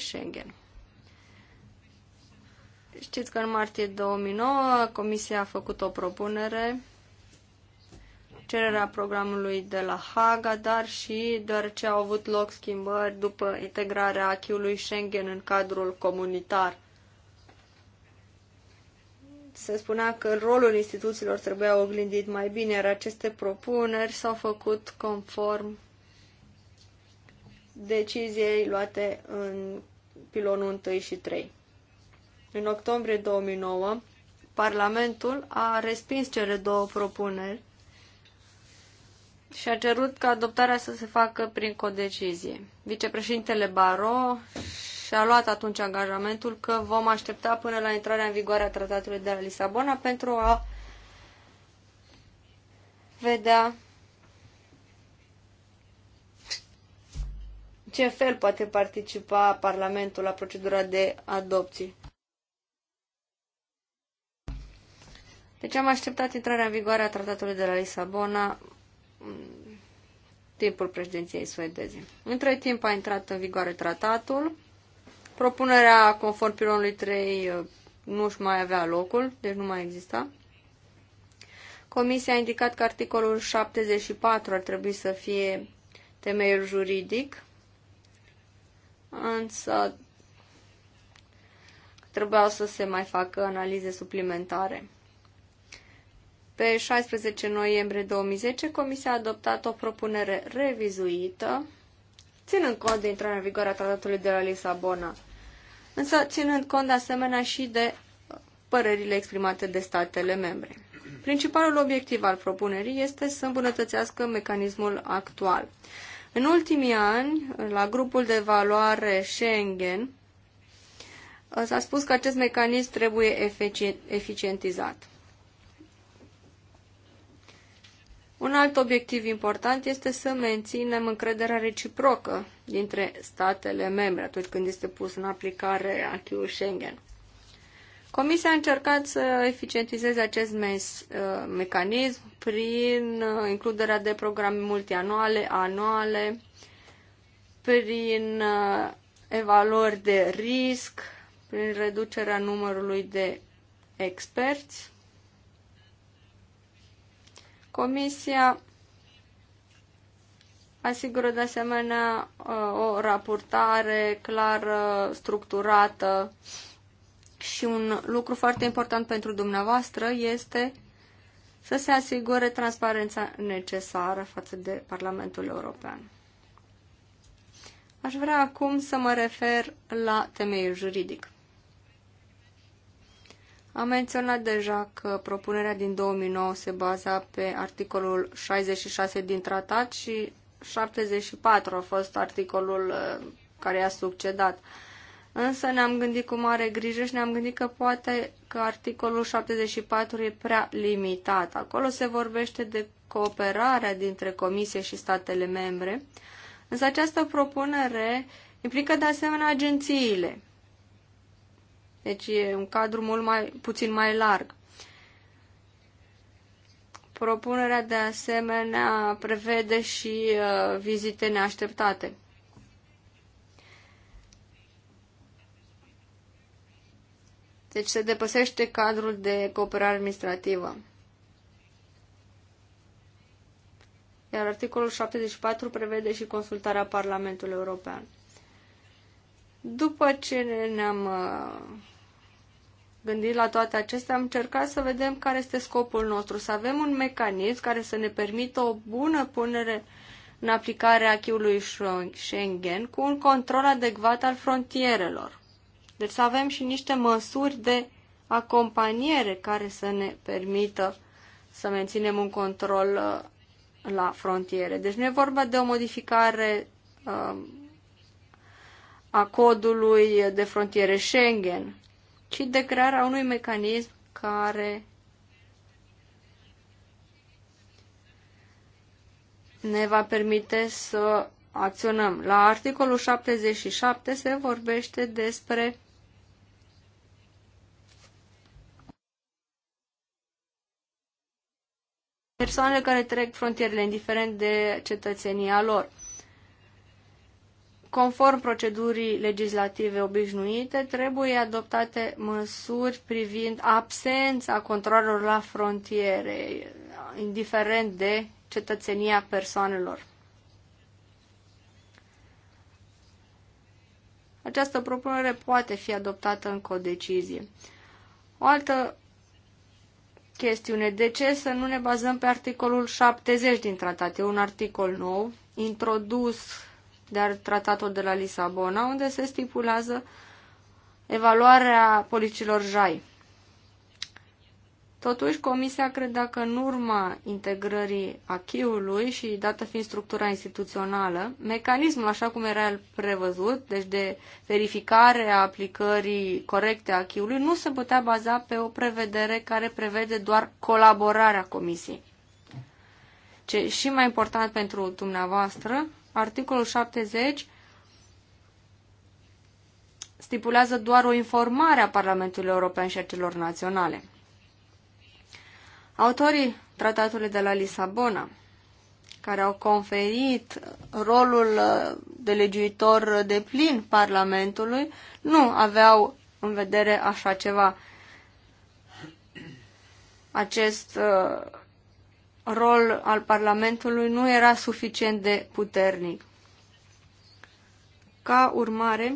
Schengen. Știți că în martie 2009 Comisia a făcut o propunere, cererea programului de la Haga, dar și deoarece au avut loc schimbări după integrarea acquis Schengen în cadrul comunitar. Se spunea că rolul instituțiilor trebuia oglindit mai bine, iar aceste propuneri s-au făcut conform deciziei luate în pilonul 1 și 3. În octombrie 2009, Parlamentul a respins cele două propuneri și a cerut ca adoptarea să se facă prin codecizie. Vicepreședintele Baro și-a luat atunci angajamentul că vom aștepta până la intrarea în vigoare a tratatului de la Lisabona pentru a vedea ce fel poate participa Parlamentul la procedura de adopție. Deci am așteptat intrarea în vigoare a tratatului de la Lisabona în timpul președinției suedeze. Între timp a intrat în vigoare tratatul. Propunerea conform pilonului 3 nu-și mai avea locul, deci nu mai exista. Comisia a indicat că articolul 74 ar trebui să fie temeiul juridic însă trebuiau să se mai facă analize suplimentare. Pe 16 noiembrie 2010, Comisia a adoptat o propunere revizuită, ținând cont de intrarea în vigoare a tratatului de la Lisabona, însă ținând cont de asemenea și de părerile exprimate de statele membre. Principalul obiectiv al propunerii este să îmbunătățească mecanismul actual. În ultimii ani, la grupul de evaluare Schengen, s-a spus că acest mecanism trebuie eficientizat. Un alt obiectiv important este să menținem încrederea reciprocă dintre statele membre atunci când este pus în aplicare acquis Schengen. Comisia a încercat să eficientizeze acest mes, uh, mecanism prin uh, includerea de programe multianuale, anuale, prin uh, evaluări de risc, prin reducerea numărului de experți. Comisia asigură de asemenea o raportare clară, structurată, și un lucru foarte important pentru dumneavoastră este să se asigure transparența necesară față de Parlamentul European. Aș vrea acum să mă refer la temeiul juridic. Am menționat deja că propunerea din 2009 se baza pe articolul 66 din tratat și 74 a fost articolul uh, care a succedat. Însă ne-am gândit cu mare grijă și ne-am gândit că poate că articolul 74 e prea limitat. Acolo se vorbește de cooperarea dintre Comisie și statele membre, însă această propunere implică de asemenea agențiile. Deci e un cadru mult mai, puțin mai larg. Propunerea de asemenea prevede și uh, vizite neașteptate. Deci se depăsește cadrul de cooperare administrativă. Iar articolul 74 prevede și consultarea Parlamentului European. După ce ne-am uh, gândit la toate acestea, am încercat să vedem care este scopul nostru, să avem un mecanism care să ne permită o bună punere în aplicare a acquis Schengen cu un control adecvat al frontierelor deci să avem și niște măsuri de acompaniere care să ne permită să menținem un control uh, la frontiere. Deci nu e vorba de o modificare uh, a codului de frontiere Schengen, ci de crearea unui mecanism care ne va permite să acționăm. La articolul 77 se vorbește despre persoanele care trec frontierele, indiferent de cetățenia lor. Conform procedurii legislative obișnuite, trebuie adoptate măsuri privind absența controlelor la frontiere, indiferent de cetățenia persoanelor. Această propunere poate fi adoptată în codecizie. O altă chestiune. De ce să nu ne bazăm pe articolul 70 din tratat? E un articol nou, introdus de tratatul de la Lisabona, unde se stipulează evaluarea politicilor JAI. Totuși, Comisia credea că în urma integrării achiului și dată fiind structura instituțională, mecanismul așa cum era el prevăzut, deci de verificare a aplicării corecte a achiului, nu se putea baza pe o prevedere care prevede doar colaborarea Comisiei. Ce și mai important pentru dumneavoastră, articolul 70 stipulează doar o informare a Parlamentului European și a celor naționale. Autorii tratatului de la Lisabona, care au conferit rolul uh, de legiuitor de plin Parlamentului, nu aveau în vedere așa ceva. Acest uh, rol al Parlamentului nu era suficient de puternic. Ca urmare,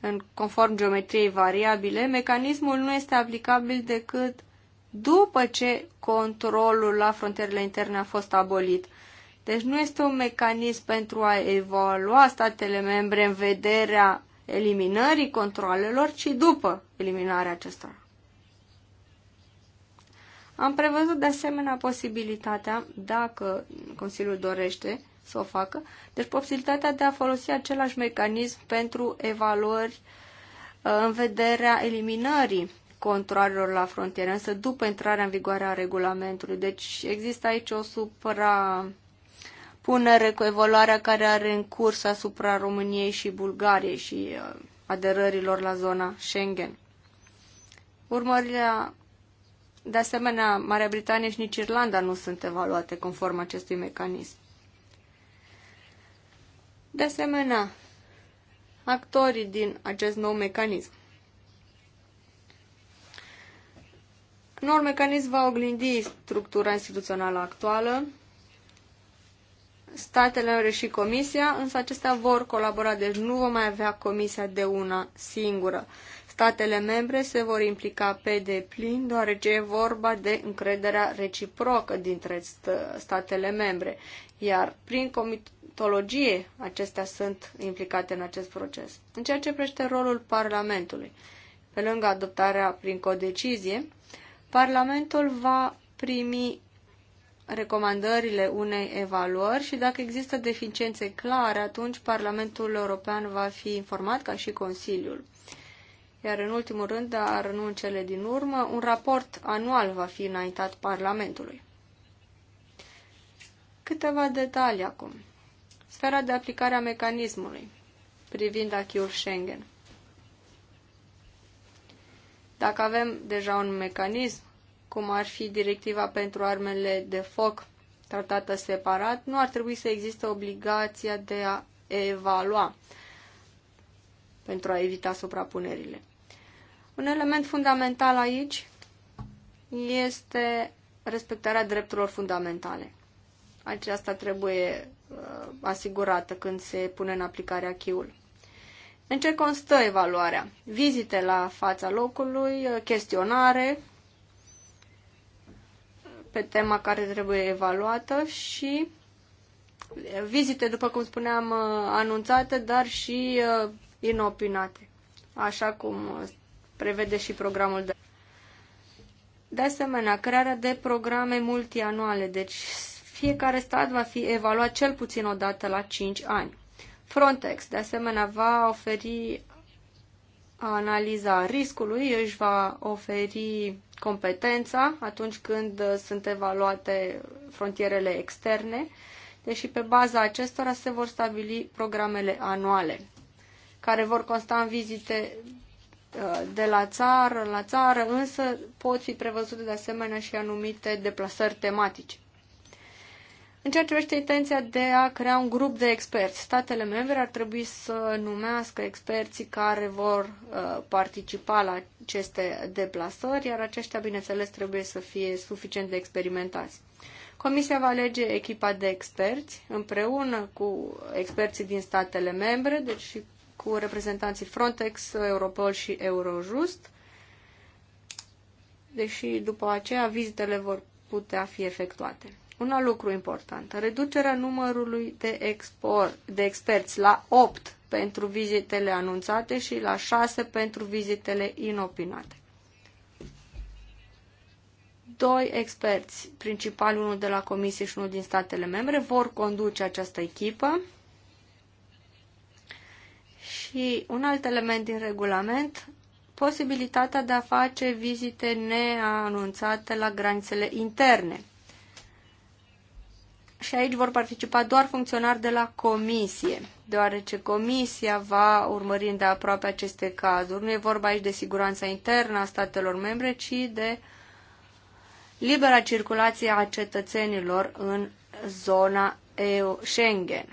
în conform geometriei variabile, mecanismul nu este aplicabil decât după ce controlul la frontierele interne a fost abolit. Deci nu este un mecanism pentru a evalua statele membre în vederea eliminării controlelor, ci după eliminarea acestora. Am prevăzut de asemenea posibilitatea, dacă Consiliul dorește, să o facă. Deci posibilitatea de a folosi același mecanism pentru evaluări uh, în vederea eliminării controlelor la frontieră, însă după intrarea în vigoare a regulamentului. Deci există aici o supra punere cu evaluarea care are în curs asupra României și Bulgariei și uh, aderărilor la zona Schengen. Urmările, de asemenea, Marea Britanie și nici Irlanda nu sunt evaluate conform acestui mecanism. De asemenea, actorii din acest nou mecanism. Noul mecanism va oglindi structura instituțională actuală, statele are și comisia, însă acestea vor colabora, deci nu vom mai avea comisia de una singură. Statele membre se vor implica pe deplin, deoarece e vorba de încrederea reciprocă dintre statele membre, iar prin comit comitologie, acestea sunt implicate în acest proces. În ceea ce prește rolul Parlamentului, pe lângă adoptarea prin codecizie, Parlamentul va primi recomandările unei evaluări și dacă există deficiențe clare, atunci Parlamentul European va fi informat ca și Consiliul. Iar în ultimul rând, dar nu în cele din urmă, un raport anual va fi înaintat Parlamentului. Câteva detalii acum. Sfera de aplicare a mecanismului privind achiul Schengen. Dacă avem deja un mecanism, cum ar fi directiva pentru armele de foc tratată separat, nu ar trebui să existe obligația de a evalua pentru a evita suprapunerile. Un element fundamental aici este respectarea drepturilor fundamentale. Aceasta trebuie Uh, asigurată când se pune în aplicare achiul. În ce constă evaluarea? Vizite la fața locului, uh, chestionare pe tema care trebuie evaluată și uh, vizite, după cum spuneam, anunțate, dar și inopinate, așa cum prevede și programul de. De asemenea, crearea de programe multianuale, deci fiecare stat va fi evaluat cel puțin o dată la 5 ani. Frontex, de asemenea, va oferi analiza riscului, își va oferi competența atunci când sunt evaluate frontierele externe, deși pe baza acestora se vor stabili programele anuale, care vor consta în vizite uh, de la țară la țară, însă pot fi prevăzute de asemenea și anumite deplasări tematice. În ceea ce privește intenția de a crea un grup de experți, statele membre ar trebui să numească experții care vor uh, participa la aceste deplasări, iar aceștia, bineînțeles, trebuie să fie suficient de experimentați. Comisia va alege echipa de experți împreună cu experții din statele membre, deci și cu reprezentanții Frontex, Europol și Eurojust, deși după aceea vizitele vor putea fi efectuate. Un alt lucru important, reducerea numărului de, expor, de experți la 8 pentru vizitele anunțate și la 6 pentru vizitele inopinate. Doi experți principali, unul de la Comisie și unul din statele membre, vor conduce această echipă. Și un alt element din regulament, posibilitatea de a face vizite neanunțate la granițele interne și aici vor participa doar funcționari de la comisie, deoarece comisia va urmări îndeaproape aceste cazuri. Nu e vorba aici de siguranța internă a statelor membre, ci de libera circulație a cetățenilor în zona EU Schengen.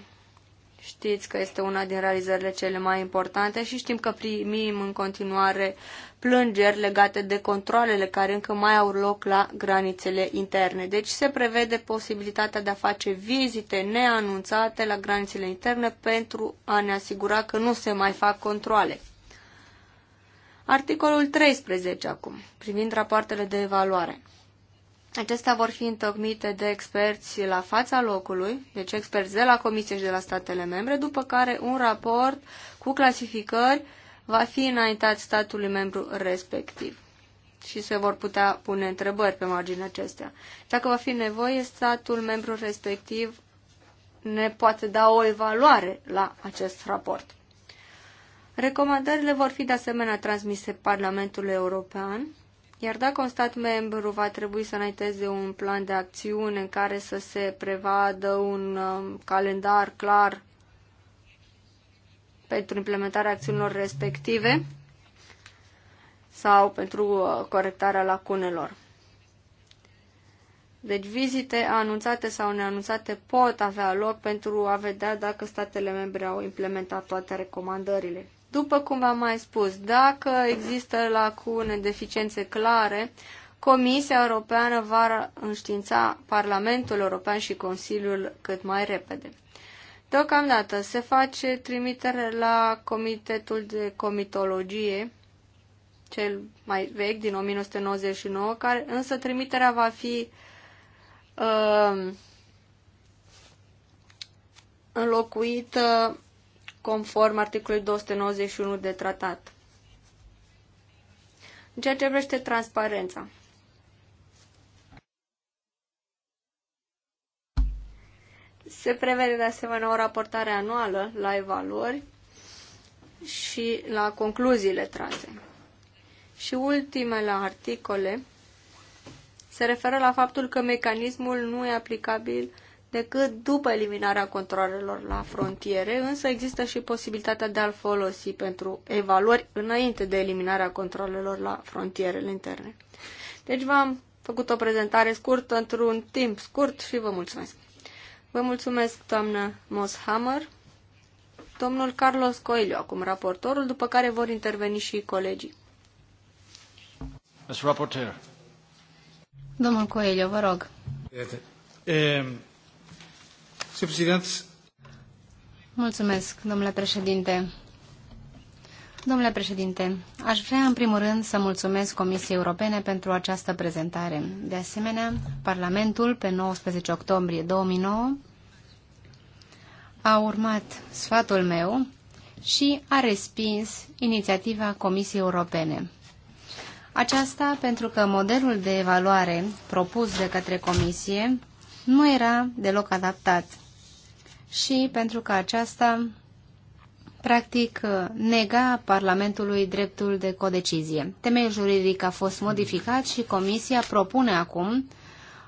Știți că este una din realizările cele mai importante și știm că primim în continuare plângeri legate de controlele care încă mai au loc la granițele interne. Deci se prevede posibilitatea de a face vizite neanunțate la granițele interne pentru a ne asigura că nu se mai fac controle. Articolul 13 acum, privind rapoartele de evaluare. Acestea vor fi întocmite de experți la fața locului, deci experți de la Comisie și de la statele membre, după care un raport cu clasificări uh, va fi înaintat statului membru respectiv și se vor putea pune întrebări pe marginea acestea. Dacă va fi nevoie, statul membru respectiv ne poate da o evaluare la acest raport. Recomandările vor fi de asemenea transmise Parlamentului European, iar dacă un stat membru va trebui să înainteze un plan de acțiune în care să se prevadă un um, calendar clar pentru implementarea acțiunilor respective sau pentru uh, corectarea lacunelor. Deci vizite anunțate sau neanunțate pot avea loc pentru a vedea dacă statele membre au implementat toate recomandările. După cum v-am mai spus, dacă există lacune, deficiențe clare, Comisia Europeană va înștiința Parlamentul European și Consiliul cât mai repede. Deocamdată se face trimitere la Comitetul de Comitologie, cel mai vechi din 1999, care însă trimiterea va fi uh, înlocuită conform articolului 291 de tratat. În ceea ce vrește transparența, Se prevede de asemenea o raportare anuală la evaluări și la concluziile trase. Și ultimele articole se referă la faptul că mecanismul nu e aplicabil decât după eliminarea controlelor la frontiere, însă există și posibilitatea de a-l folosi pentru evaluări înainte de eliminarea controlelor la frontierele interne. Deci v-am făcut o prezentare scurtă într-un timp scurt și vă mulțumesc! Vă mulțumesc, doamnă Moshammer. Domnul Carlos Coelho, acum raportorul, după care vor interveni și colegii. Domnul Coelho, vă rog. Ehm, mulțumesc, domnule președinte. Domnule președinte, aș vrea în primul rând să mulțumesc Comisiei Europene pentru această prezentare. De asemenea, Parlamentul, pe 19 octombrie 2009, a urmat sfatul meu și a respins inițiativa Comisiei Europene. Aceasta pentru că modelul de evaluare propus de către Comisie nu era deloc adaptat și pentru că aceasta practic uh, nega Parlamentului dreptul de codecizie. Temeiul juridic a fost modificat și Comisia propune acum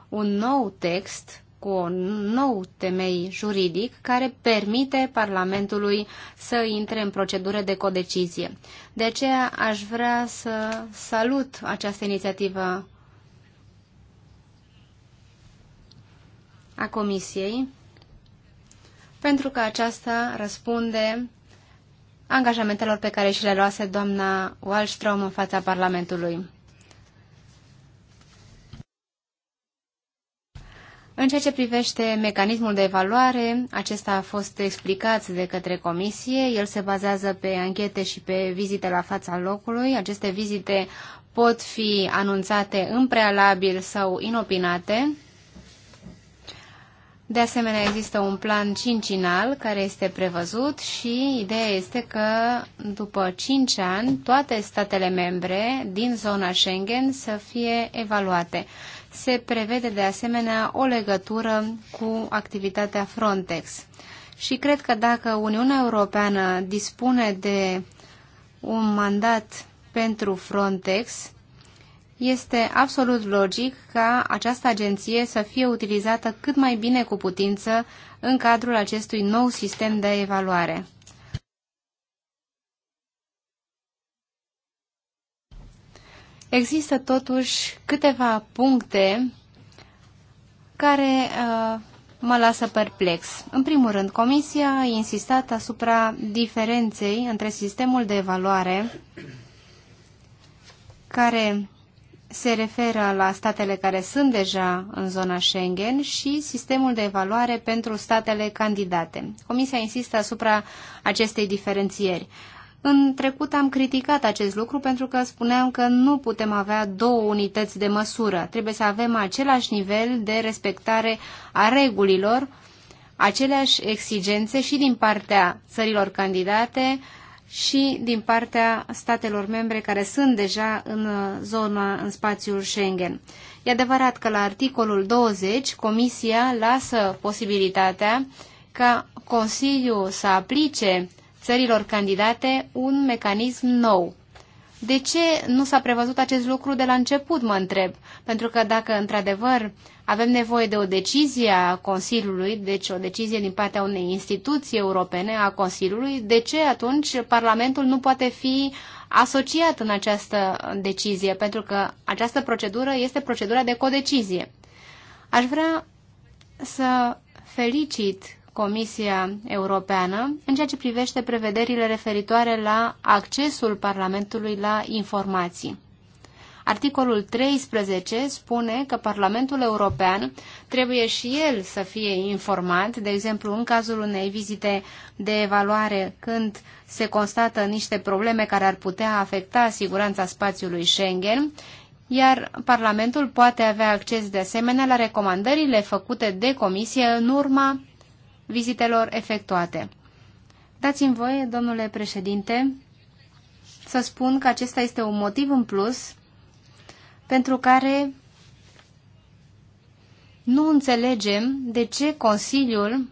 un nou text cu un nou temei juridic care permite Parlamentului să intre în procedură de codecizie. De aceea aș vrea să salut această inițiativă a Comisiei, pentru că aceasta răspunde angajamentelor pe care și le luase doamna Wallström în fața Parlamentului. În ceea ce privește mecanismul de evaluare, acesta a fost explicat de către comisie. El se bazează pe anchete și pe vizite la fața locului. Aceste vizite pot fi anunțate în prealabil sau inopinate de asemenea, există un plan cincinal care este prevăzut și ideea este că după 5 ani toate statele membre din zona Schengen să fie evaluate. Se prevede de asemenea o legătură cu activitatea Frontex. Și cred că dacă Uniunea Europeană dispune de un mandat pentru Frontex, este absolut logic ca această agenție să fie utilizată cât mai bine cu putință în cadrul acestui nou sistem de evaluare. Există totuși câteva puncte care uh, mă lasă perplex. În primul rând, Comisia a insistat asupra diferenței între sistemul de evaluare care se referă la statele care sunt deja în zona Schengen și sistemul de evaluare pentru statele candidate. Comisia insistă asupra acestei diferențieri. În trecut am criticat acest lucru pentru că spuneam că nu putem avea două unități de măsură. Trebuie să avem același nivel de respectare a regulilor, aceleași exigențe și din partea țărilor candidate, și din partea statelor membre care sunt deja în uh, zona, în spațiul Schengen. E adevărat că la articolul 20 Comisia lasă posibilitatea ca Consiliul să aplice țărilor candidate un mecanism nou. De ce nu s-a prevăzut acest lucru de la început, mă întreb? Pentru că dacă într-adevăr avem nevoie de o decizie a Consiliului, deci o decizie din partea unei instituții europene a Consiliului. De ce atunci Parlamentul nu poate fi asociat în această decizie? Pentru că această procedură este procedura de codecizie. Aș vrea să felicit Comisia Europeană în ceea ce privește prevederile referitoare la accesul Parlamentului la informații. Articolul 13 spune că Parlamentul European trebuie și el să fie informat, de exemplu în cazul unei vizite de evaluare când se constată niște probleme care ar putea afecta siguranța spațiului Schengen, iar Parlamentul poate avea acces de asemenea la recomandările făcute de Comisie în urma vizitelor efectuate. Dați-mi voie, domnule președinte, să spun că acesta este un motiv în plus pentru care nu înțelegem de ce Consiliul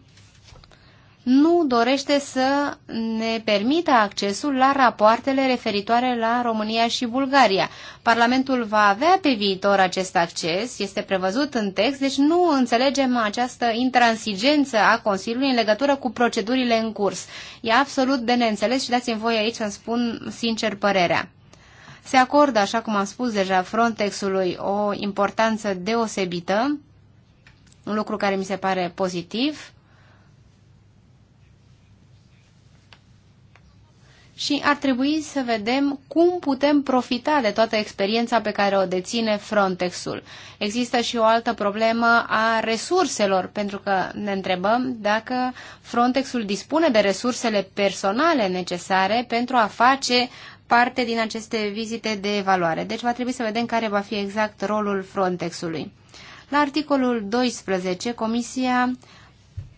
nu dorește să ne permită accesul la rapoartele referitoare la România și Bulgaria. Parlamentul va avea pe viitor acest acces, este prevăzut în text, deci nu înțelegem această intransigență a Consiliului în legătură cu procedurile în curs. E absolut de neînțeles și dați-mi voi aici să-mi spun sincer părerea. Se acordă, așa cum am spus deja, Frontexului o importanță deosebită, un lucru care mi se pare pozitiv. Și ar trebui să vedem cum putem profita de toată experiența pe care o deține Frontexul. Există și o altă problemă a resurselor, pentru că ne întrebăm dacă Frontexul dispune de resursele personale necesare pentru a face parte din aceste vizite de evaluare. Deci va trebui să vedem care va fi exact rolul Frontexului. La articolul 12, Comisia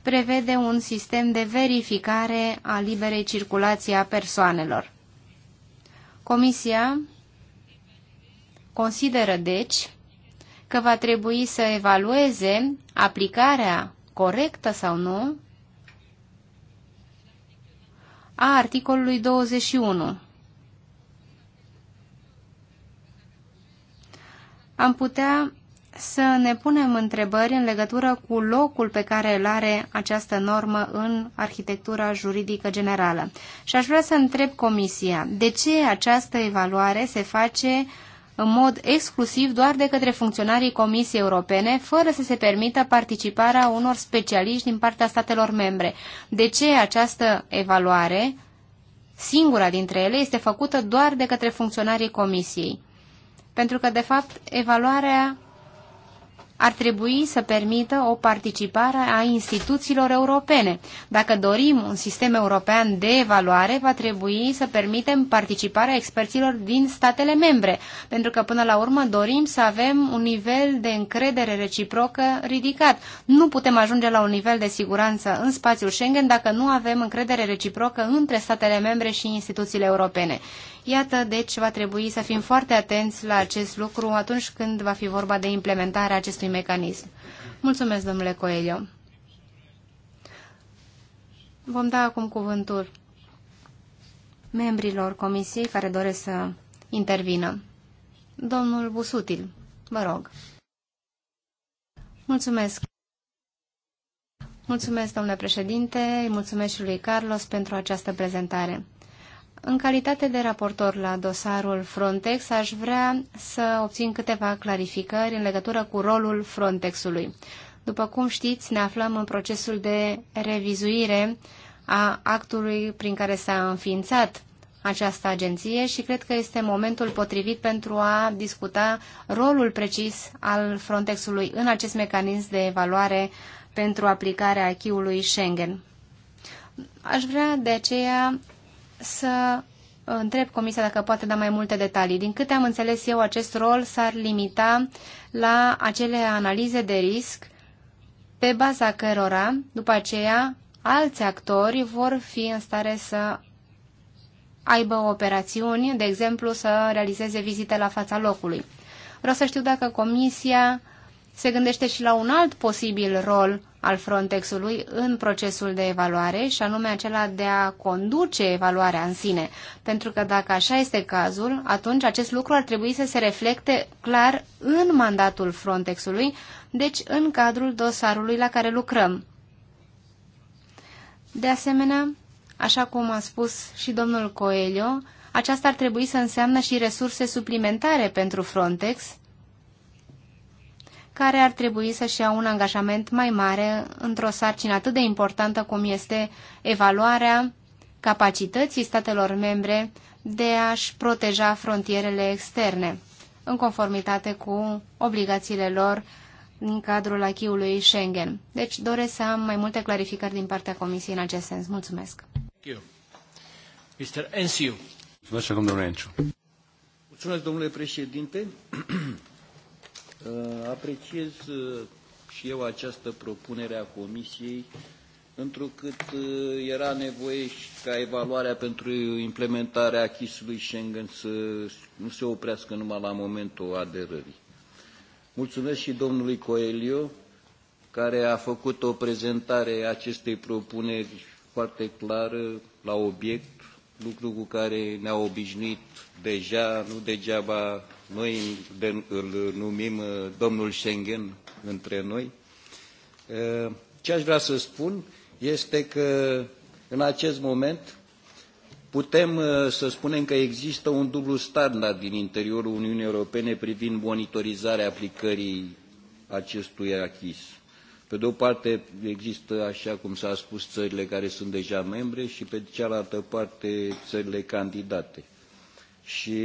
prevede un sistem de verificare a liberei circulații a persoanelor. Comisia consideră, deci, că va trebui să evalueze aplicarea corectă sau nu a articolului 21 am putea să ne punem întrebări în legătură cu locul pe care îl are această normă în arhitectura juridică generală. Și aș vrea să întreb Comisia, de ce această evaluare se face în mod exclusiv doar de către funcționarii Comisiei Europene, fără să se permită participarea unor specialiști din partea statelor membre? De ce această evaluare, singura dintre ele, este făcută doar de către funcționarii Comisiei? Pentru că, de fapt, evaluarea ar trebui să permită o participare a instituțiilor europene. Dacă dorim un sistem european de evaluare, va trebui să permitem participarea experților din statele membre, pentru că până la urmă dorim să avem un nivel de încredere reciprocă ridicat. Nu putem ajunge la un nivel de siguranță în spațiul Schengen dacă nu avem încredere reciprocă între statele membre și instituțiile europene. Iată, deci, va trebui să fim foarte atenți la acest lucru atunci când va fi vorba de implementarea acestui mecanism. Mulțumesc, domnule Coelho. Vom da acum cuvântul membrilor comisiei care doresc să intervină. Domnul Busutil, vă rog. Mulțumesc. Mulțumesc, domnule președinte, mulțumesc și lui Carlos pentru această prezentare. În calitate de raportor la dosarul Frontex, aș vrea să obțin câteva clarificări în legătură cu rolul Frontexului. După cum știți, ne aflăm în procesul de revizuire a actului prin care s-a înființat această agenție și cred că este momentul potrivit pentru a discuta rolul precis al Frontexului în acest mecanism de evaluare pentru aplicarea acquis Schengen. Aș vrea de aceea să întreb Comisia dacă poate da mai multe detalii. Din câte am înțeles eu, acest rol s-ar limita la acele analize de risc pe baza cărora, după aceea, alți actori vor fi în stare să aibă operațiuni, de exemplu, să realizeze vizite la fața locului. Vreau să știu dacă Comisia se gândește și la un alt posibil rol al Frontexului în procesul de evaluare și anume acela de a conduce evaluarea în sine. Pentru că dacă așa este cazul, atunci acest lucru ar trebui să se reflecte clar în mandatul Frontexului, deci în cadrul dosarului la care lucrăm. De asemenea, așa cum a spus și domnul Coelho, aceasta ar trebui să înseamnă și resurse suplimentare pentru Frontex, care ar trebui să-și ia un angajament mai mare într-o sarcină atât de importantă cum este evaluarea capacității statelor membre de a-și proteja frontierele externe, în conformitate cu obligațiile lor în cadrul achiului Schengen. Deci doresc să am mai multe clarificări din partea Comisiei în acest sens. Mulțumesc. Mulțumesc, domnule președinte. Uh, apreciez uh, și eu această propunere a Comisiei, întrucât uh, era nevoie și ca evaluarea pentru implementarea achisului Schengen să nu se oprească numai la momentul aderării. Mulțumesc și domnului Coelio, care a făcut o prezentare acestei propuneri foarte clară, la obiect, lucru cu care ne-a obișnuit deja, nu degeaba noi îl numim uh, domnul Schengen între noi. Uh, ce aș vrea să spun este că în acest moment putem uh, să spunem că există un dublu standard din interiorul Uniunii Europene privind monitorizarea aplicării acestui achis. Pe de o parte există, așa cum s-a spus, țările care sunt deja membre și pe de cealaltă parte țările candidate. Și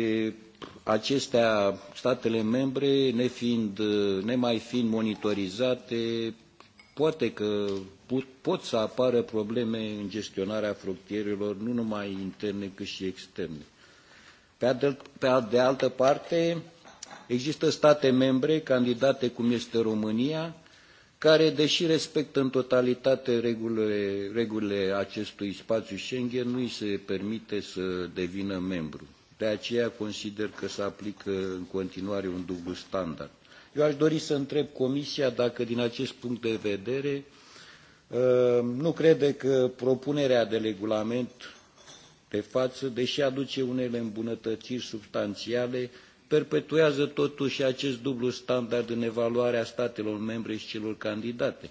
acestea, statele membre, nefiind, nemai fiind monitorizate, poate că pot, pot să apară probleme în gestionarea frontierelor, nu numai interne, cât și externe. Pe de, pe de altă parte, există state membre, candidate cum este România, care, deși respectă în totalitate regulile, regulile acestui spațiu Schengen, nu îi se permite să devină membru. De aceea consider că se aplică în continuare un dublu standard. Eu aș dori să întreb Comisia dacă din acest punct de vedere uh, nu crede că propunerea de regulament de față, deși aduce unele îmbunătățiri substanțiale, perpetuează totuși acest dublu standard în evaluarea statelor membre și celor candidate.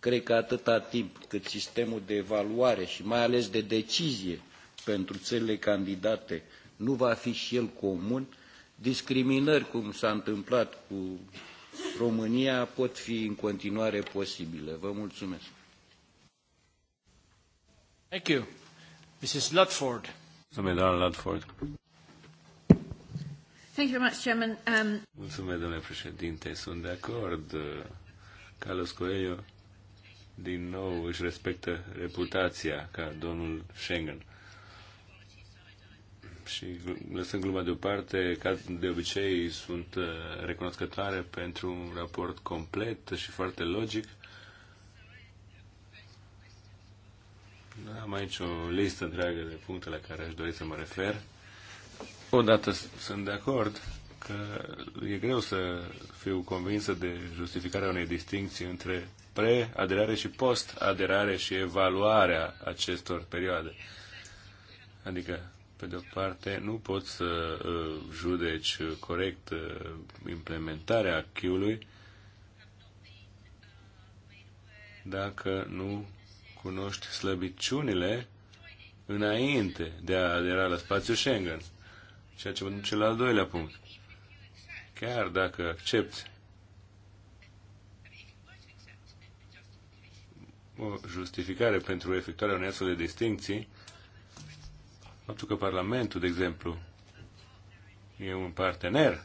Cred că atâta timp cât sistemul de evaluare și mai ales de decizie pentru țările candidate nu va fi și el comun. Discriminări, cum s-a întâmplat cu România, pot fi în continuare posibile. Vă mulțumesc. Thank you. Mrs. Ludford. Mulțumesc, Ludford. Thank you very much, Chairman. Um... Mulțumesc, domnule președinte. Sunt de acord. Uh, Carlos Coelho din nou își respectă reputația ca domnul Schengen și lăsând gluma deoparte, ca de obicei sunt uh, recunoscătoare pentru un raport complet și foarte logic. Am aici o listă întreagă de puncte la care aș dori să mă refer. Odată sunt de acord că e greu să fiu convinsă de justificarea unei distinții între pre-aderare și post-aderare și evaluarea acestor perioade. Adică pe de o parte, nu poți să uh, judeci corect uh, implementarea acquis dacă nu cunoști slăbiciunile înainte de a adera la spațiul Schengen. Ceea ce mă duce la al doilea punct. Chiar dacă accepti o justificare pentru efectuarea unei astfel de distinții, Faptul că Parlamentul, de exemplu, e un partener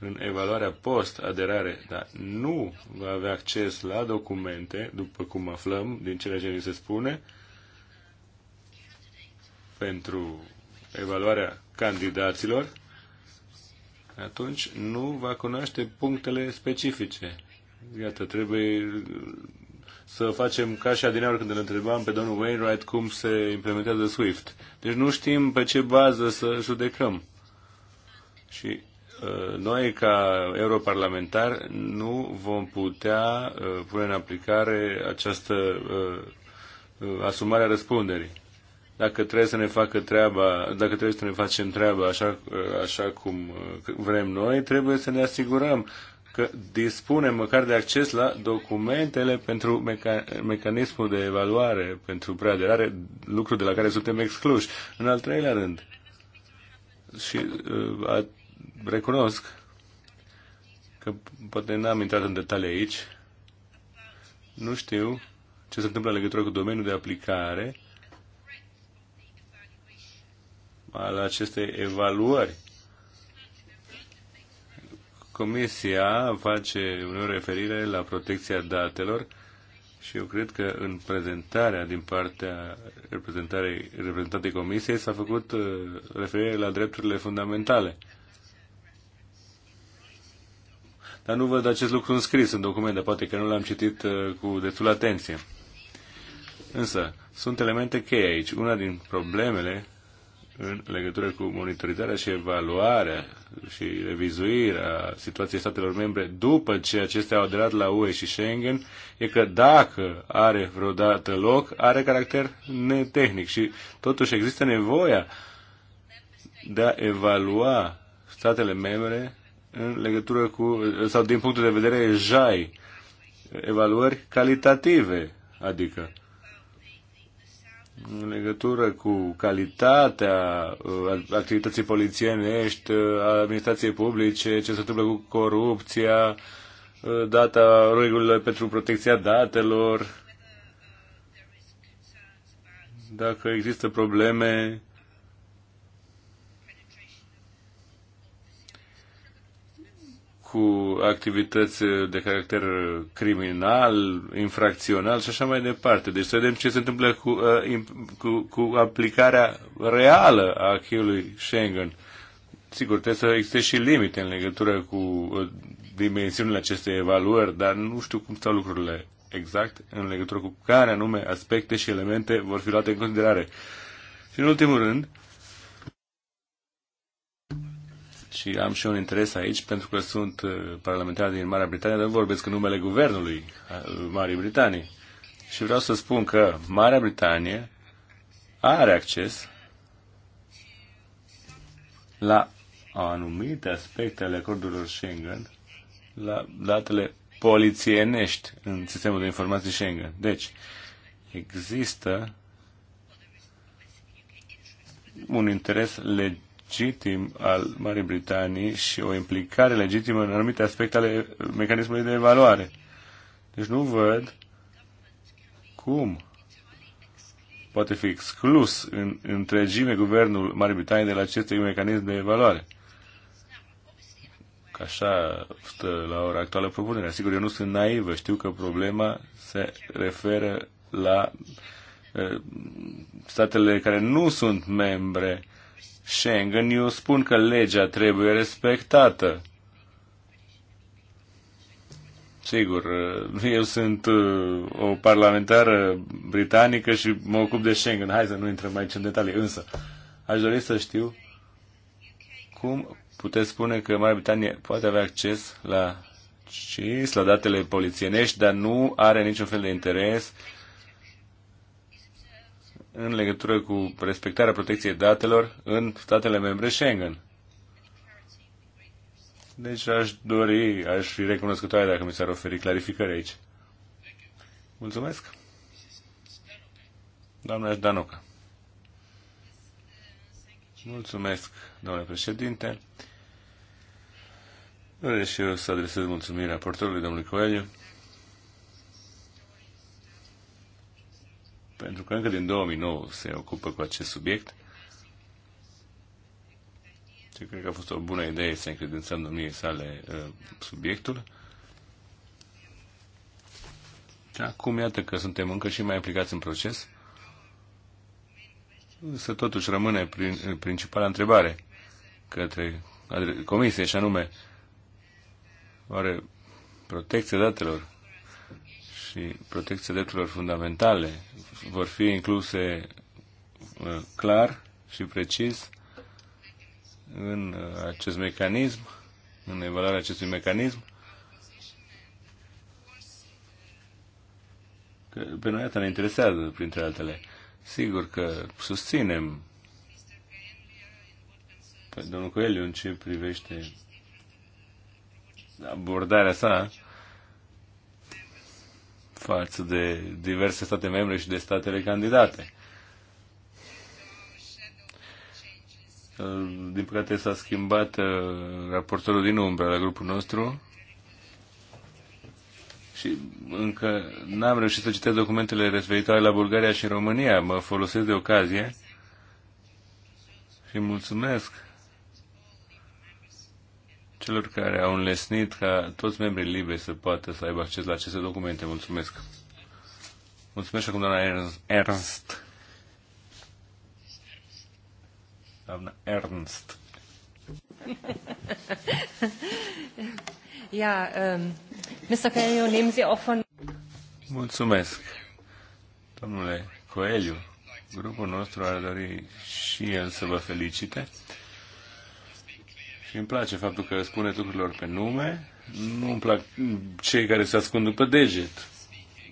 în evaluarea post-aderare, dar nu va avea acces la documente, după cum aflăm din ceea ce ni se spune, pentru evaluarea candidaților, atunci nu va cunoaște punctele specifice. Iată, trebuie să facem ca și adineauri când îl întrebam pe domnul Wainwright cum se implementează SWIFT. Deci nu știm pe ce bază să judecăm. Și uh, noi, ca europarlamentar nu vom putea uh, pune în aplicare această uh, asumare a răspunderii. Dacă trebuie să ne facă treaba, dacă trebuie să ne facem treaba așa, așa cum vrem noi, trebuie să ne asigurăm că dispune măcar de acces la documentele pentru meca mecanismul de evaluare, pentru preaderare, lucru de la care suntem excluși. În al treilea rând, și uh, a, recunosc că poate n-am intrat în detalii aici, nu știu ce se întâmplă în legătură cu domeniul de aplicare al acestei evaluări Comisia face uneori referire la protecția datelor și eu cred că în prezentarea din partea reprezentantei Comisiei s-a făcut uh, referire la drepturile fundamentale. Dar nu văd acest lucru înscris în documente poate că nu l-am citit uh, cu destul atenție. Însă, sunt elemente cheie aici. Una din problemele în legătură cu monitorizarea și evaluarea și revizuirea situației statelor membre după ce acestea au aderat la UE și Schengen e că dacă are vreodată loc, are caracter netehnic și totuși există nevoia de a evalua statele membre în legătură cu, sau din punctul de vedere JAI, evaluări calitative, adică în legătură cu calitatea uh, activității polițienești, uh, administrației publice, ce se întâmplă cu corupția, uh, data, regulile pentru protecția datelor, dacă există probleme cu activități de caracter criminal, infracțional și așa mai departe. Deci să vedem ce se întâmplă cu, uh, cu, cu aplicarea reală a acelui Schengen. Sigur, trebuie să existe și limite în legătură cu uh, dimensiunile acestei evaluări, dar nu știu cum stau lucrurile exact în legătură cu care anume aspecte și elemente vor fi luate în considerare. Și în ultimul rând, și am și un interes aici pentru că sunt uh, parlamentar din Marea Britanie, dar vorbesc în numele guvernului uh, Marii Britanii. Și vreau să spun că Marea Britanie are acces la anumite aspecte ale acordurilor Schengen, la datele polițienești în sistemul de informații Schengen. Deci, există un interes legitim legitim al Marii Britanii și o implicare legitimă în anumite aspecte ale mecanismului de evaluare. Deci nu văd cum poate fi exclus în întregime guvernul Marii Britanii de la acest mecanism de evaluare. Că așa stă la ora actuală propunerea. Sigur, eu nu sunt naivă, știu că problema se referă la eh, statele care nu sunt membre Schengen, eu spun că legea trebuie respectată. Sigur, eu sunt uh, o parlamentară britanică și mă ocup de Schengen. Hai să nu intrăm aici în detalii, însă aș dori să știu cum puteți spune că Marea Britanie poate avea acces la CIS, la datele polițienești, dar nu are niciun fel de interes în legătură cu respectarea protecției datelor în statele membre Schengen. Deci aș dori, aș fi recunoscătoare dacă mi s-ar oferi clarificări aici. Mulțumesc. Doamna Danoca. Mulțumesc, domnule președinte. Vreau și eu să adresez mulțumiri raportorului domnului Coelho pentru că încă din 2009 se ocupă cu acest subiect. Și cred că a fost o bună idee să încredințăm domniei sale uh, subiectul. Și acum iată că suntem încă și mai implicați în proces. Să totuși rămâne prin, uh, principala întrebare către comisie și anume oare protecția datelor și protecția drepturilor fundamentale vor fi incluse uh, clar și precis în uh, acest mecanism, în evaluarea acestui mecanism. Că pe noi asta ne interesează, printre altele. Sigur că susținem pe domnul Coeliu în ce privește abordarea sa față de diverse state membre și de statele candidate. Din păcate s-a schimbat uh, raportorul din umbră la grupul nostru și încă n-am reușit să citesc documentele referitoare la Bulgaria și România. Mă folosesc de ocazie și mulțumesc celor care au înlesnit ca toți membrii liberi să poată să aibă acces la aceste documente. Mulțumesc! Mulțumesc acum doamna Ernst. Ernst. Doamna Ernst. ja, ähm, Mr. Coelho, nehmen Sie auch von... Mulțumesc. Domnule Coelho, grupul nostru ar dori și el să vă felicite și îmi place faptul că spune lucrurilor pe nume. Nu îmi plac cei care se ascund după deget.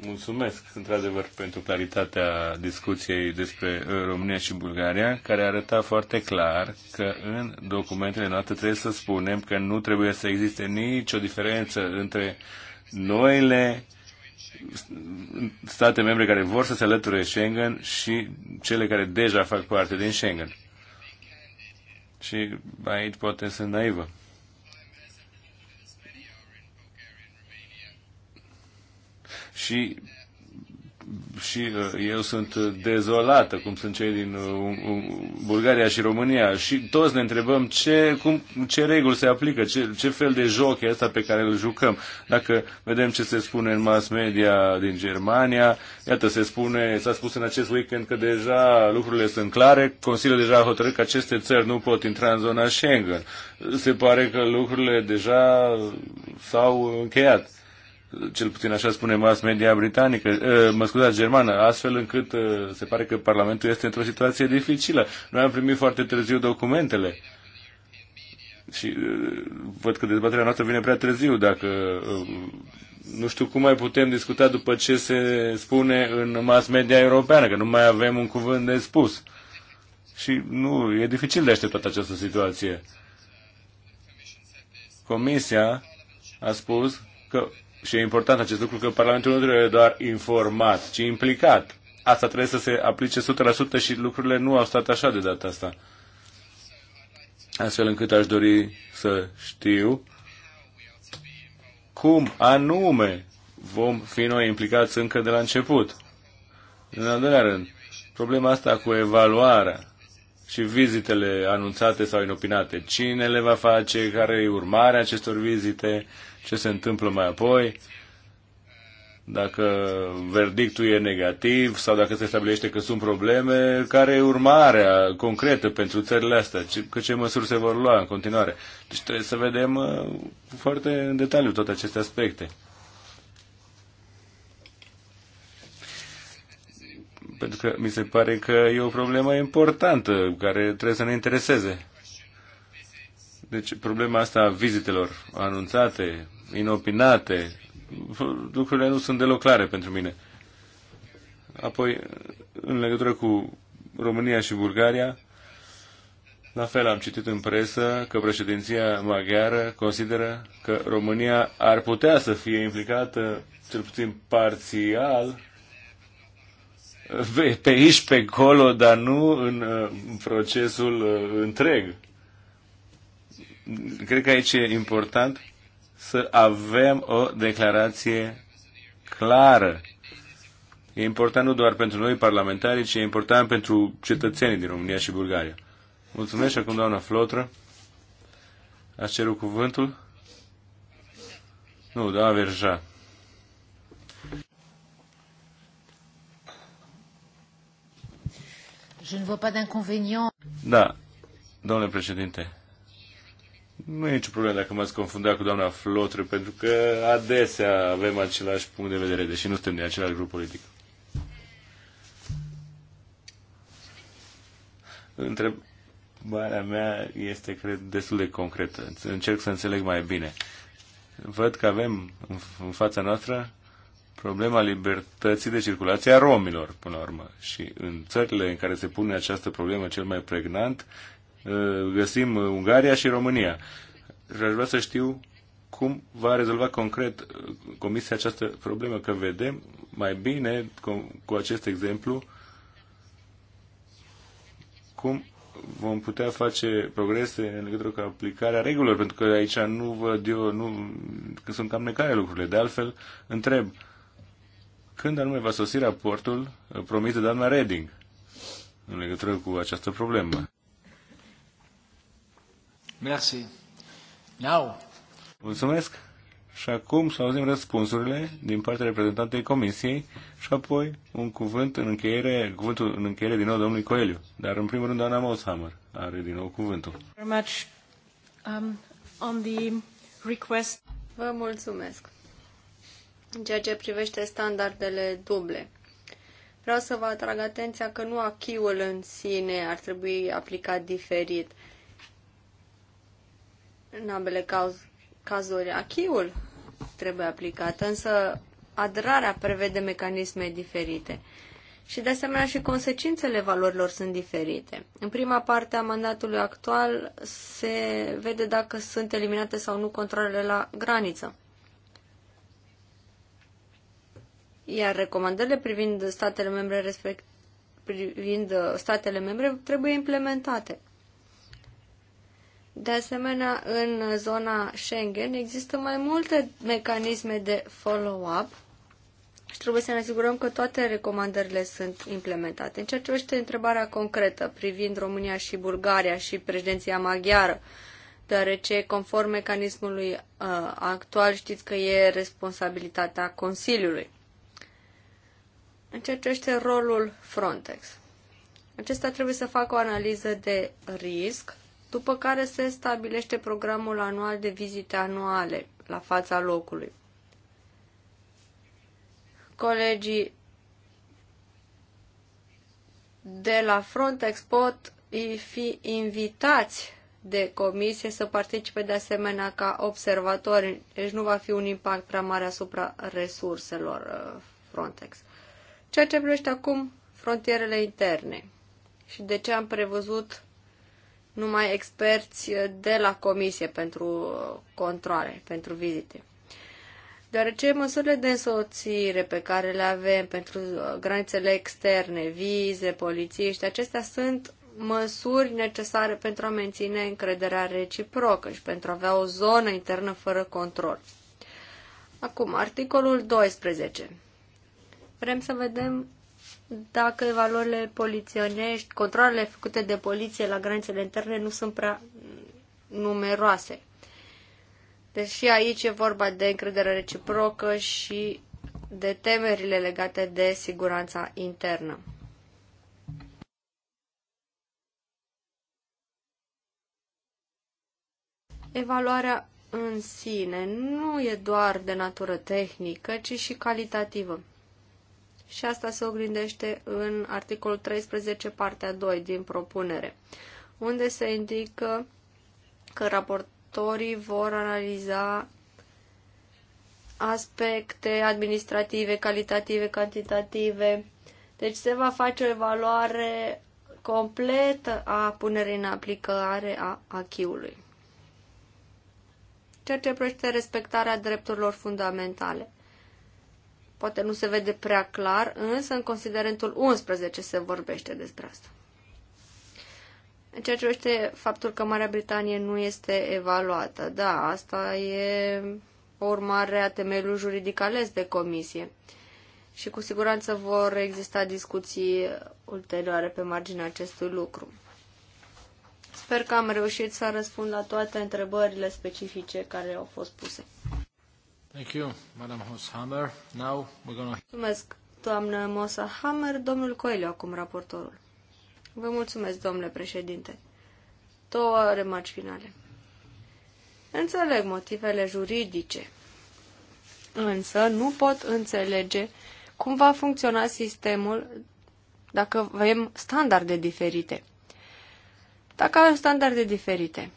Mulțumesc, într-adevăr, pentru claritatea discuției despre uh, România și Bulgaria, care arăta foarte clar că în documentele noastre trebuie să spunem că nu trebuie să existe nicio diferență între noile state membre care vor să se alăture Schengen și cele care deja fac parte din Schengen. Și aici poate sunt naivă. Și și uh, eu sunt uh, dezolată, cum sunt cei din uh, Bulgaria și România. Și toți ne întrebăm ce, cum, ce reguli se aplică, ce, ce fel de joc e asta pe care îl jucăm. Dacă vedem ce se spune în mass media din Germania, iată, se spune, s-a spus în acest weekend că deja lucrurile sunt clare, Consiliul deja a hotărât că aceste țări nu pot intra în zona Schengen. Se pare că lucrurile deja s-au încheiat cel puțin așa spune mass media britanică, uh, mă scuzați, germană, astfel încât uh, se pare că Parlamentul este într-o situație dificilă. Noi am primit foarte târziu documentele și uh, văd că dezbaterea noastră vine prea târziu dacă nu știu cum mai putem discuta după ce se spune în mass media europeană, că nu mai avem un cuvânt de spus. Și nu, e dificil de așteptat această situație. Comisia a spus că și e important acest lucru că Parlamentul nu trebuie doar informat, ci implicat. Asta trebuie să se aplice 100% și lucrurile nu au stat așa de data asta. Astfel încât aș dori să știu cum anume vom fi noi implicați încă de la început. În al doilea rând, problema asta cu evaluarea și vizitele anunțate sau inopinate. Cine le va face, care e urmarea acestor vizite, ce se întâmplă mai apoi, dacă verdictul e negativ sau dacă se stabilește că sunt probleme, care e urmarea concretă pentru țările astea, că ce măsuri se vor lua în continuare. Deci trebuie să vedem uh, foarte în detaliu toate aceste aspecte. pentru că mi se pare că e o problemă importantă care trebuie să ne intereseze. Deci problema asta a vizitelor anunțate, inopinate, lucrurile nu sunt deloc clare pentru mine. Apoi, în legătură cu România și Bulgaria, la fel am citit în presă că președinția maghiară consideră că România ar putea să fie implicată, cel puțin parțial, pe aici, pe acolo, dar nu în, uh, procesul uh, întreg. Cred că aici e important să avem o declarație clară. E important nu doar pentru noi parlamentari, ci e important pentru cetățenii din România și Bulgaria. Mulțumesc și acum, doamna Flotră. Ați cerut cuvântul? Nu, doamna Verja. Je ne vois pas d'inconvénient. Da, domnule președinte. Nu e nicio problemă dacă m-ați confundat cu doamna Flotră, pentru că adesea avem același punct de vedere, deși nu suntem de același grup politic. Întrebarea mea este, cred, destul de concretă. Încerc să înțeleg mai bine. Văd că avem în fața noastră problema libertății de circulație a romilor, până la urmă. Și în țările în care se pune această problemă cel mai pregnant, ă, găsim Ungaria și România. Și aș vrea să știu cum va rezolva concret ă, Comisia această problemă, că vedem mai bine cu acest exemplu cum vom putea face progrese în legătură cu aplicarea regulilor, pentru că aici nu văd eu, nu, că sunt cam necare lucrurile. De altfel, întreb, uh, când anume va sosi raportul uh, promis de doamna Reding în legătură cu această problemă. Merci. Now. Mulțumesc. Și acum să auzim răspunsurile din partea reprezentantei Comisiei și apoi un cuvânt în încheiere, cuvântul în încheiere din nou domnului Coeliu. Dar în primul rând doamna Moshammer are din nou cuvântul. Very much. Um, on the request. Vă mulțumesc în ceea ce privește standardele duble. Vreau să vă atrag atenția că nu achiul în sine ar trebui aplicat diferit. În ambele caz, cazuri, achiul trebuie aplicat, însă adrarea prevede mecanisme diferite. Și de asemenea și consecințele valorilor sunt diferite. În prima parte a mandatului actual se vede dacă sunt eliminate sau nu controlele la graniță. Iar recomandările privind statele membre respect, privind uh, statele membre trebuie implementate. De asemenea, în zona Schengen există mai multe mecanisme de follow-up și trebuie să ne asigurăm că toate recomandările sunt implementate. În ceea ce este întrebarea concretă privind România și Bulgaria și președinția maghiară, deoarece conform mecanismului uh, actual știți că e responsabilitatea Consiliului. În ceea ce este rolul Frontex. Acesta trebuie să facă o analiză de risc, după care se stabilește programul anual de vizite anuale la fața locului. Colegii de la Frontex pot fi invitați de comisie să participe de asemenea ca observatori, deci nu va fi un impact prea mare asupra resurselor uh, Frontex. Ceea ce privește acum frontierele interne și de ce am prevăzut numai experți de la comisie pentru controle, pentru vizite. Deoarece măsurile de însoțire pe care le avem pentru uh, granițele externe, vize, polițiști, acestea sunt măsuri necesare pentru a menține încrederea reciprocă și pentru a avea o zonă internă fără control. Acum, articolul 12 Vrem să vedem dacă valorile poliționești, controlele făcute de poliție la granițele interne nu sunt prea numeroase. Deci și aici e vorba de încredere reciprocă și de temerile legate de siguranța internă. Evaluarea în sine nu e doar de natură tehnică, ci și calitativă și asta se oglindește în articolul 13, partea 2 din propunere, unde se indică că raportorii vor analiza aspecte administrative, calitative, cantitative. Deci se va face o evaluare completă a punerii în aplicare a achiului. Ceea ce respectarea drepturilor fundamentale. Poate nu se vede prea clar, însă în considerentul 11 se vorbește despre asta. În ceea ce privește faptul că Marea Britanie nu este evaluată, da, asta e o urmare a temeiului juridic ales de comisie. Și cu siguranță vor exista discuții ulterioare pe marginea acestui lucru. Sper că am reușit să răspund la toate întrebările specifice care au fost puse. Thank you, Madam Hammer. Now we're gonna... Mulțumesc, doamnă Mosa Hammer. Domnul Coelho, acum raportorul. Vă mulțumesc, domnule președinte. Două remarci finale. Înțeleg motivele juridice, însă nu pot înțelege cum va funcționa sistemul dacă avem standarde diferite. Dacă avem standarde diferite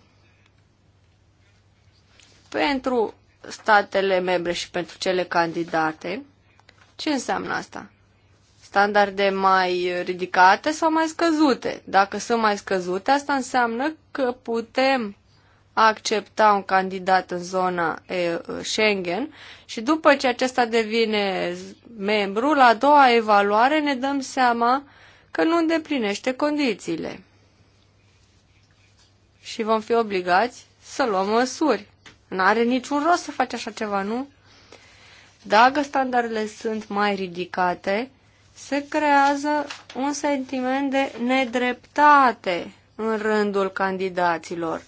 pentru statele membre și pentru cele candidate. Ce înseamnă asta? Standarde mai ridicate sau mai scăzute? Dacă sunt mai scăzute, asta înseamnă că putem accepta un candidat în zona Schengen și după ce acesta devine membru, la a doua evaluare ne dăm seama că nu îndeplinește condițiile. Și vom fi obligați să luăm măsuri. N-are niciun rost să faci așa ceva, nu? Dacă standardele sunt mai ridicate, se creează un sentiment de nedreptate în rândul candidaților,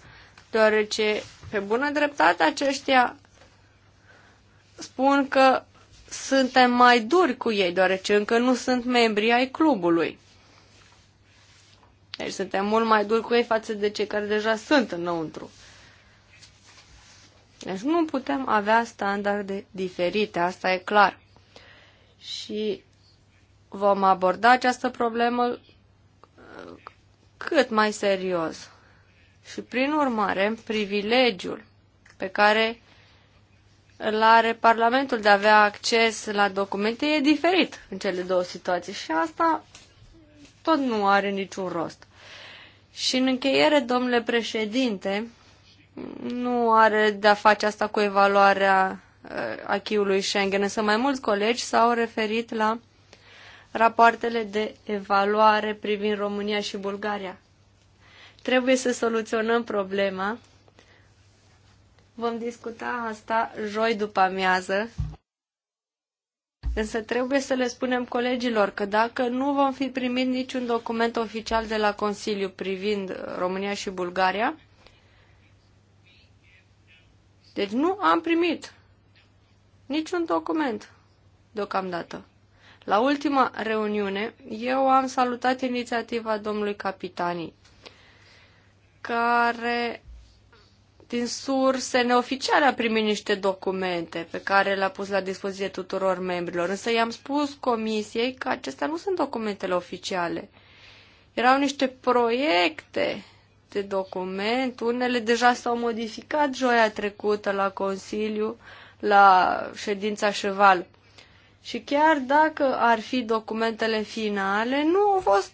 deoarece, pe bună dreptate, aceștia spun că suntem mai duri cu ei, deoarece încă nu sunt membri ai clubului. Deci suntem mult mai duri cu ei față de cei care deja sunt înăuntru. Deci nu putem avea standarde diferite, asta e clar. Și vom aborda această problemă uh, cât mai serios. Și prin urmare, privilegiul pe care îl are Parlamentul de a avea acces la documente e diferit în cele două situații și asta tot nu are niciun rost. Și în încheiere, domnule președinte, nu are de-a face asta cu evaluarea uh, achiului Schengen, însă mai mulți colegi s-au referit la rapoartele de evaluare privind România și Bulgaria. Trebuie să soluționăm problema. Vom discuta asta joi după amiază. Însă trebuie să le spunem colegilor că dacă nu vom fi primit niciun document oficial de la Consiliu privind România și Bulgaria, deci nu am primit niciun document deocamdată. La ultima reuniune, eu am salutat inițiativa domnului Capitanii, care din surse neoficiale a primit niște documente pe care le-a pus la dispoziție tuturor membrilor, însă i-am spus comisiei că acestea nu sunt documentele oficiale. Erau niște proiecte de document. Unele deja s-au modificat joia trecută la Consiliu, la ședința Cheval. Și chiar dacă ar fi documentele finale, nu au fost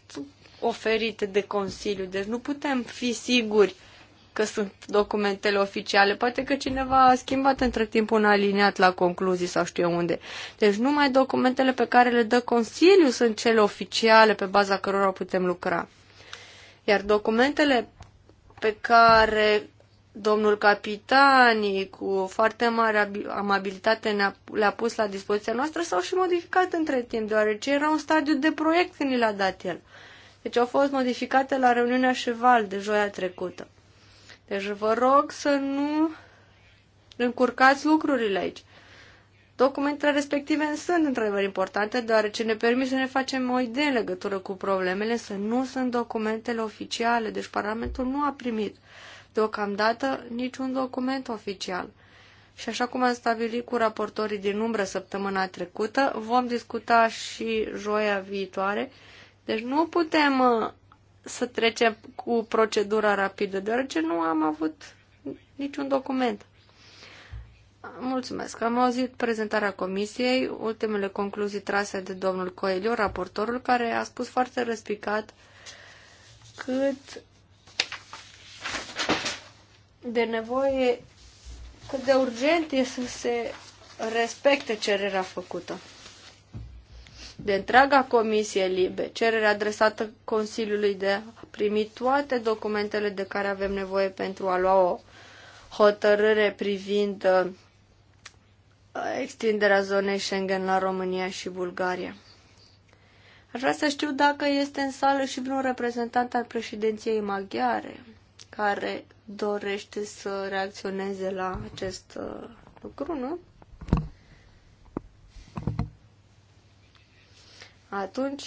oferite de Consiliu, deci nu putem fi siguri că sunt documentele oficiale. Poate că cineva a schimbat între timp un aliniat la concluzii sau știu unde. Deci numai documentele pe care le dă Consiliu sunt cele oficiale pe baza cărora putem lucra. Iar documentele pe care domnul capitanii cu foarte mare amabilitate le-a pus la dispoziția noastră s-au și modificat între timp, deoarece era un stadiu de proiect când ni l-a dat el. Deci au fost modificate la reuniunea Cheval de joia trecută. Deci vă rog să nu încurcați lucrurile aici. Documentele respective sunt într-adevăr importante, deoarece ne permit să ne facem o idee în legătură cu problemele, să nu sunt documentele oficiale, deci Parlamentul nu a primit deocamdată niciun document oficial. Și așa cum am stabilit cu raportorii din umbră săptămâna trecută, vom discuta și joia viitoare. Deci nu putem uh, să trecem cu procedura rapidă, deoarece nu am avut niciun document. Mulțumesc. Am auzit prezentarea comisiei, ultimele concluzii trase de domnul Coelho, raportorul, care a spus foarte răspicat cât de nevoie, cât de urgent e să se respecte cererea făcută. De întreaga comisie libe, cererea adresată Consiliului de a primi toate documentele de care avem nevoie pentru a lua o hotărâre privind uh, extinderea zonei Schengen la România și Bulgaria. Aș vrea să știu dacă este în sală și vreun reprezentant al președinției maghiare care dorește să reacționeze la acest uh, lucru, nu? Atunci,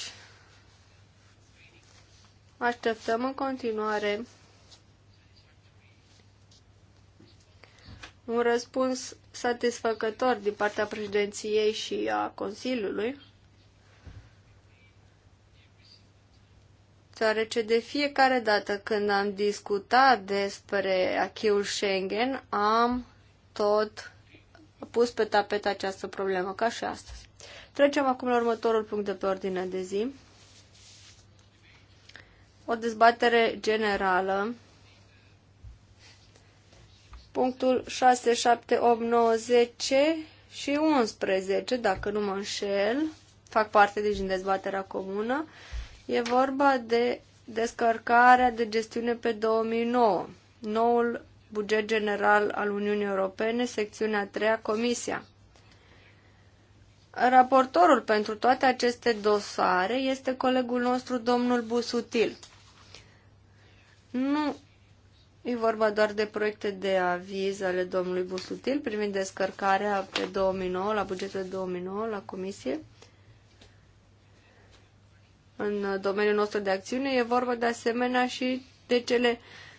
așteptăm în continuare un răspuns satisfăcător din partea președinției și a Consiliului, deoarece de fiecare dată când am discutat despre acheul Schengen, am tot pus pe tapet această problemă, ca și astăzi. Trecem acum la următorul punct de pe ordinea de zi. O dezbatere generală punctul 6, 7, 8, 9, 10 și 11, dacă nu mă înșel, fac parte deci din dezbaterea comună. E vorba de descărcarea de gestiune pe 2009, noul buget general al Uniunii Europene, secțiunea 3, Comisia. Raportorul pentru toate aceste dosare este colegul nostru, domnul Busutil. Nu E vorba doar de proiecte de aviz ale domnului Busutil privind descărcarea pe 2009, la bugetul de 2009, la comisie. În domeniul nostru de acțiune e vorba de asemenea și de cele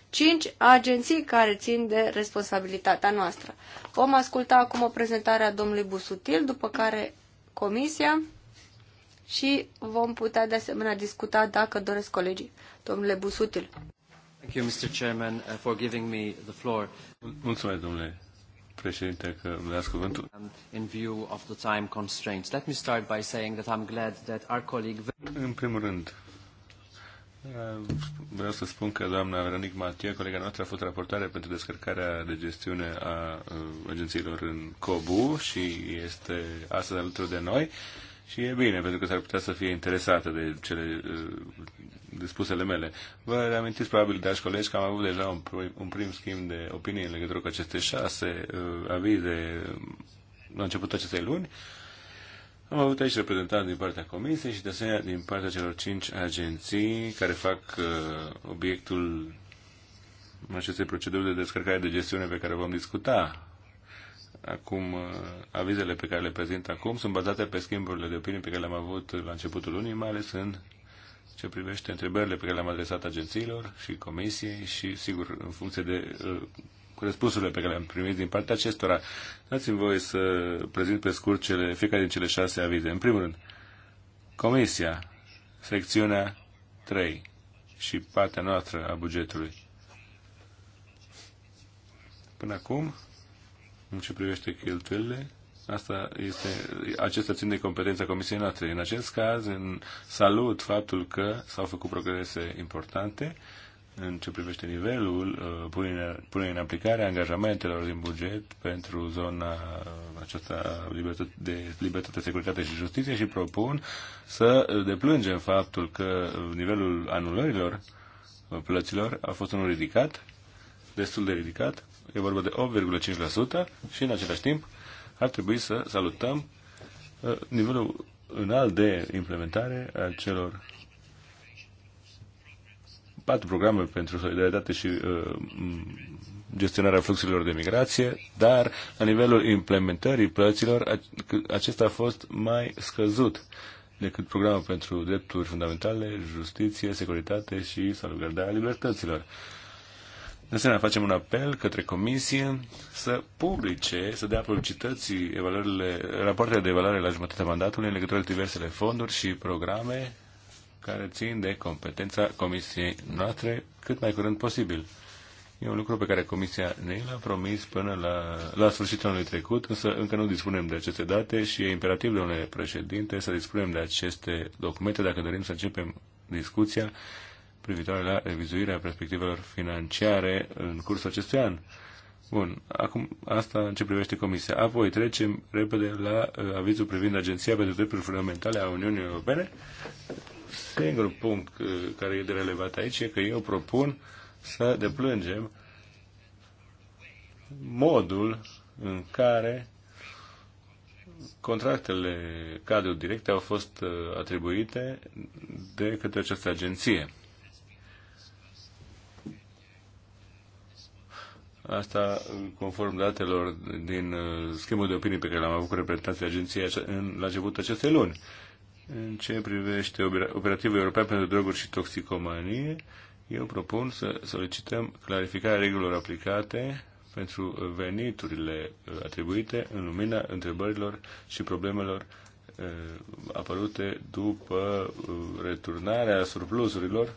cinci agenții care țin de responsabilitatea noastră. Vom asculta acum o prezentare a domnului Busutil, după care comisia și vom putea de asemenea discuta dacă doresc colegii. Domnule Busutil. Thank you, Mr. Chairman, uh, for giving me the floor. Mulțumesc, domnule președinte, că îmi dați cuvântul. Um, in view of the time constraints, let me start by saying that I'm glad that our colleague... În primul rând, uh, Vreau să spun că doamna Veronic Matia, colega noastră, a fost raportare pentru descărcarea de gestiune a uh, agențiilor în COBU și este astăzi alături de noi. Și e bine, pentru că s-ar putea să fie interesată de cele uh, de spusele mele. Vă reamintiți probabil, dragi colegi, că am avut deja un, prim, un prim schimb de opinie în legătură cu aceste șase uh, avize uh, la începutul acestei luni. Am avut aici reprezentanți din partea Comisiei și de asemenea din partea celor cinci agenții care fac uh, obiectul acestei proceduri de descărcare de gestiune pe care vom discuta Acum, uh, avizele pe care le prezint acum sunt bazate pe schimburile de opinii pe care le-am avut la începutul lunii, mai ales în ce privește întrebările pe care le-am adresat agențiilor și comisiei și, sigur, în funcție de uh, răspunsurile pe care le-am primit din partea acestora. Dați-mi voie să prezint pe scurt cele, fiecare din cele șase avize. În primul rând, comisia, secțiunea 3 și partea noastră a bugetului. Până acum, în ce privește cheltuielile, asta este, acesta țin de competența Comisiei noastre. În acest caz, în salut faptul că s-au făcut progrese importante în ce privește nivelul uh, punerii în aplicare angajamentelor din buget pentru zona uh, aceasta libertate, de libertate, securitate și justiție și propun să uh, deplângem faptul că nivelul anulărilor plăților a fost unul ridicat, destul de ridicat, e vorba de 8,5% și în același timp ar trebui să salutăm uh, nivelul înalt de implementare a celor patru programe pentru solidaritate și uh, gestionarea fluxurilor de migrație, dar la nivelul implementării plăților acesta a fost mai scăzut decât programul pentru drepturi fundamentale, justiție, securitate și salvgardarea libertăților. De asemenea, facem un apel către Comisie să publice, să dea publicității evaluările, rapoartele de evaluare la jumătatea mandatului în legătură cu diversele fonduri și programe care țin de competența Comisiei noastre cât mai curând posibil. E un lucru pe care Comisia ne l-a promis până la, la sfârșitul anului trecut, însă încă nu dispunem de aceste date și e imperativ, domnule președinte, să dispunem de aceste documente dacă dorim să începem discuția privitoare la revizuirea perspectivelor financiare în cursul acestui an. Bun, acum asta în ce privește Comisia. Apoi trecem repede la uh, avizul privind Agenția pentru Drepturi Fundamentale a Uniunii Europene. Singurul punct uh, care e de relevat aici e că eu propun să deplângem modul în care contractele cadru directe au fost uh, atribuite de către această agenție. Asta conform datelor din uh, schimbul de opinii pe care l-am avut cu reprezentanții agenției în, la începutul acestei luni. În ce privește operativul european pentru droguri și toxicomanie, eu propun să solicităm clarificarea regulilor aplicate pentru veniturile uh, atribuite în lumina întrebărilor și problemelor uh, apărute după returnarea surplusurilor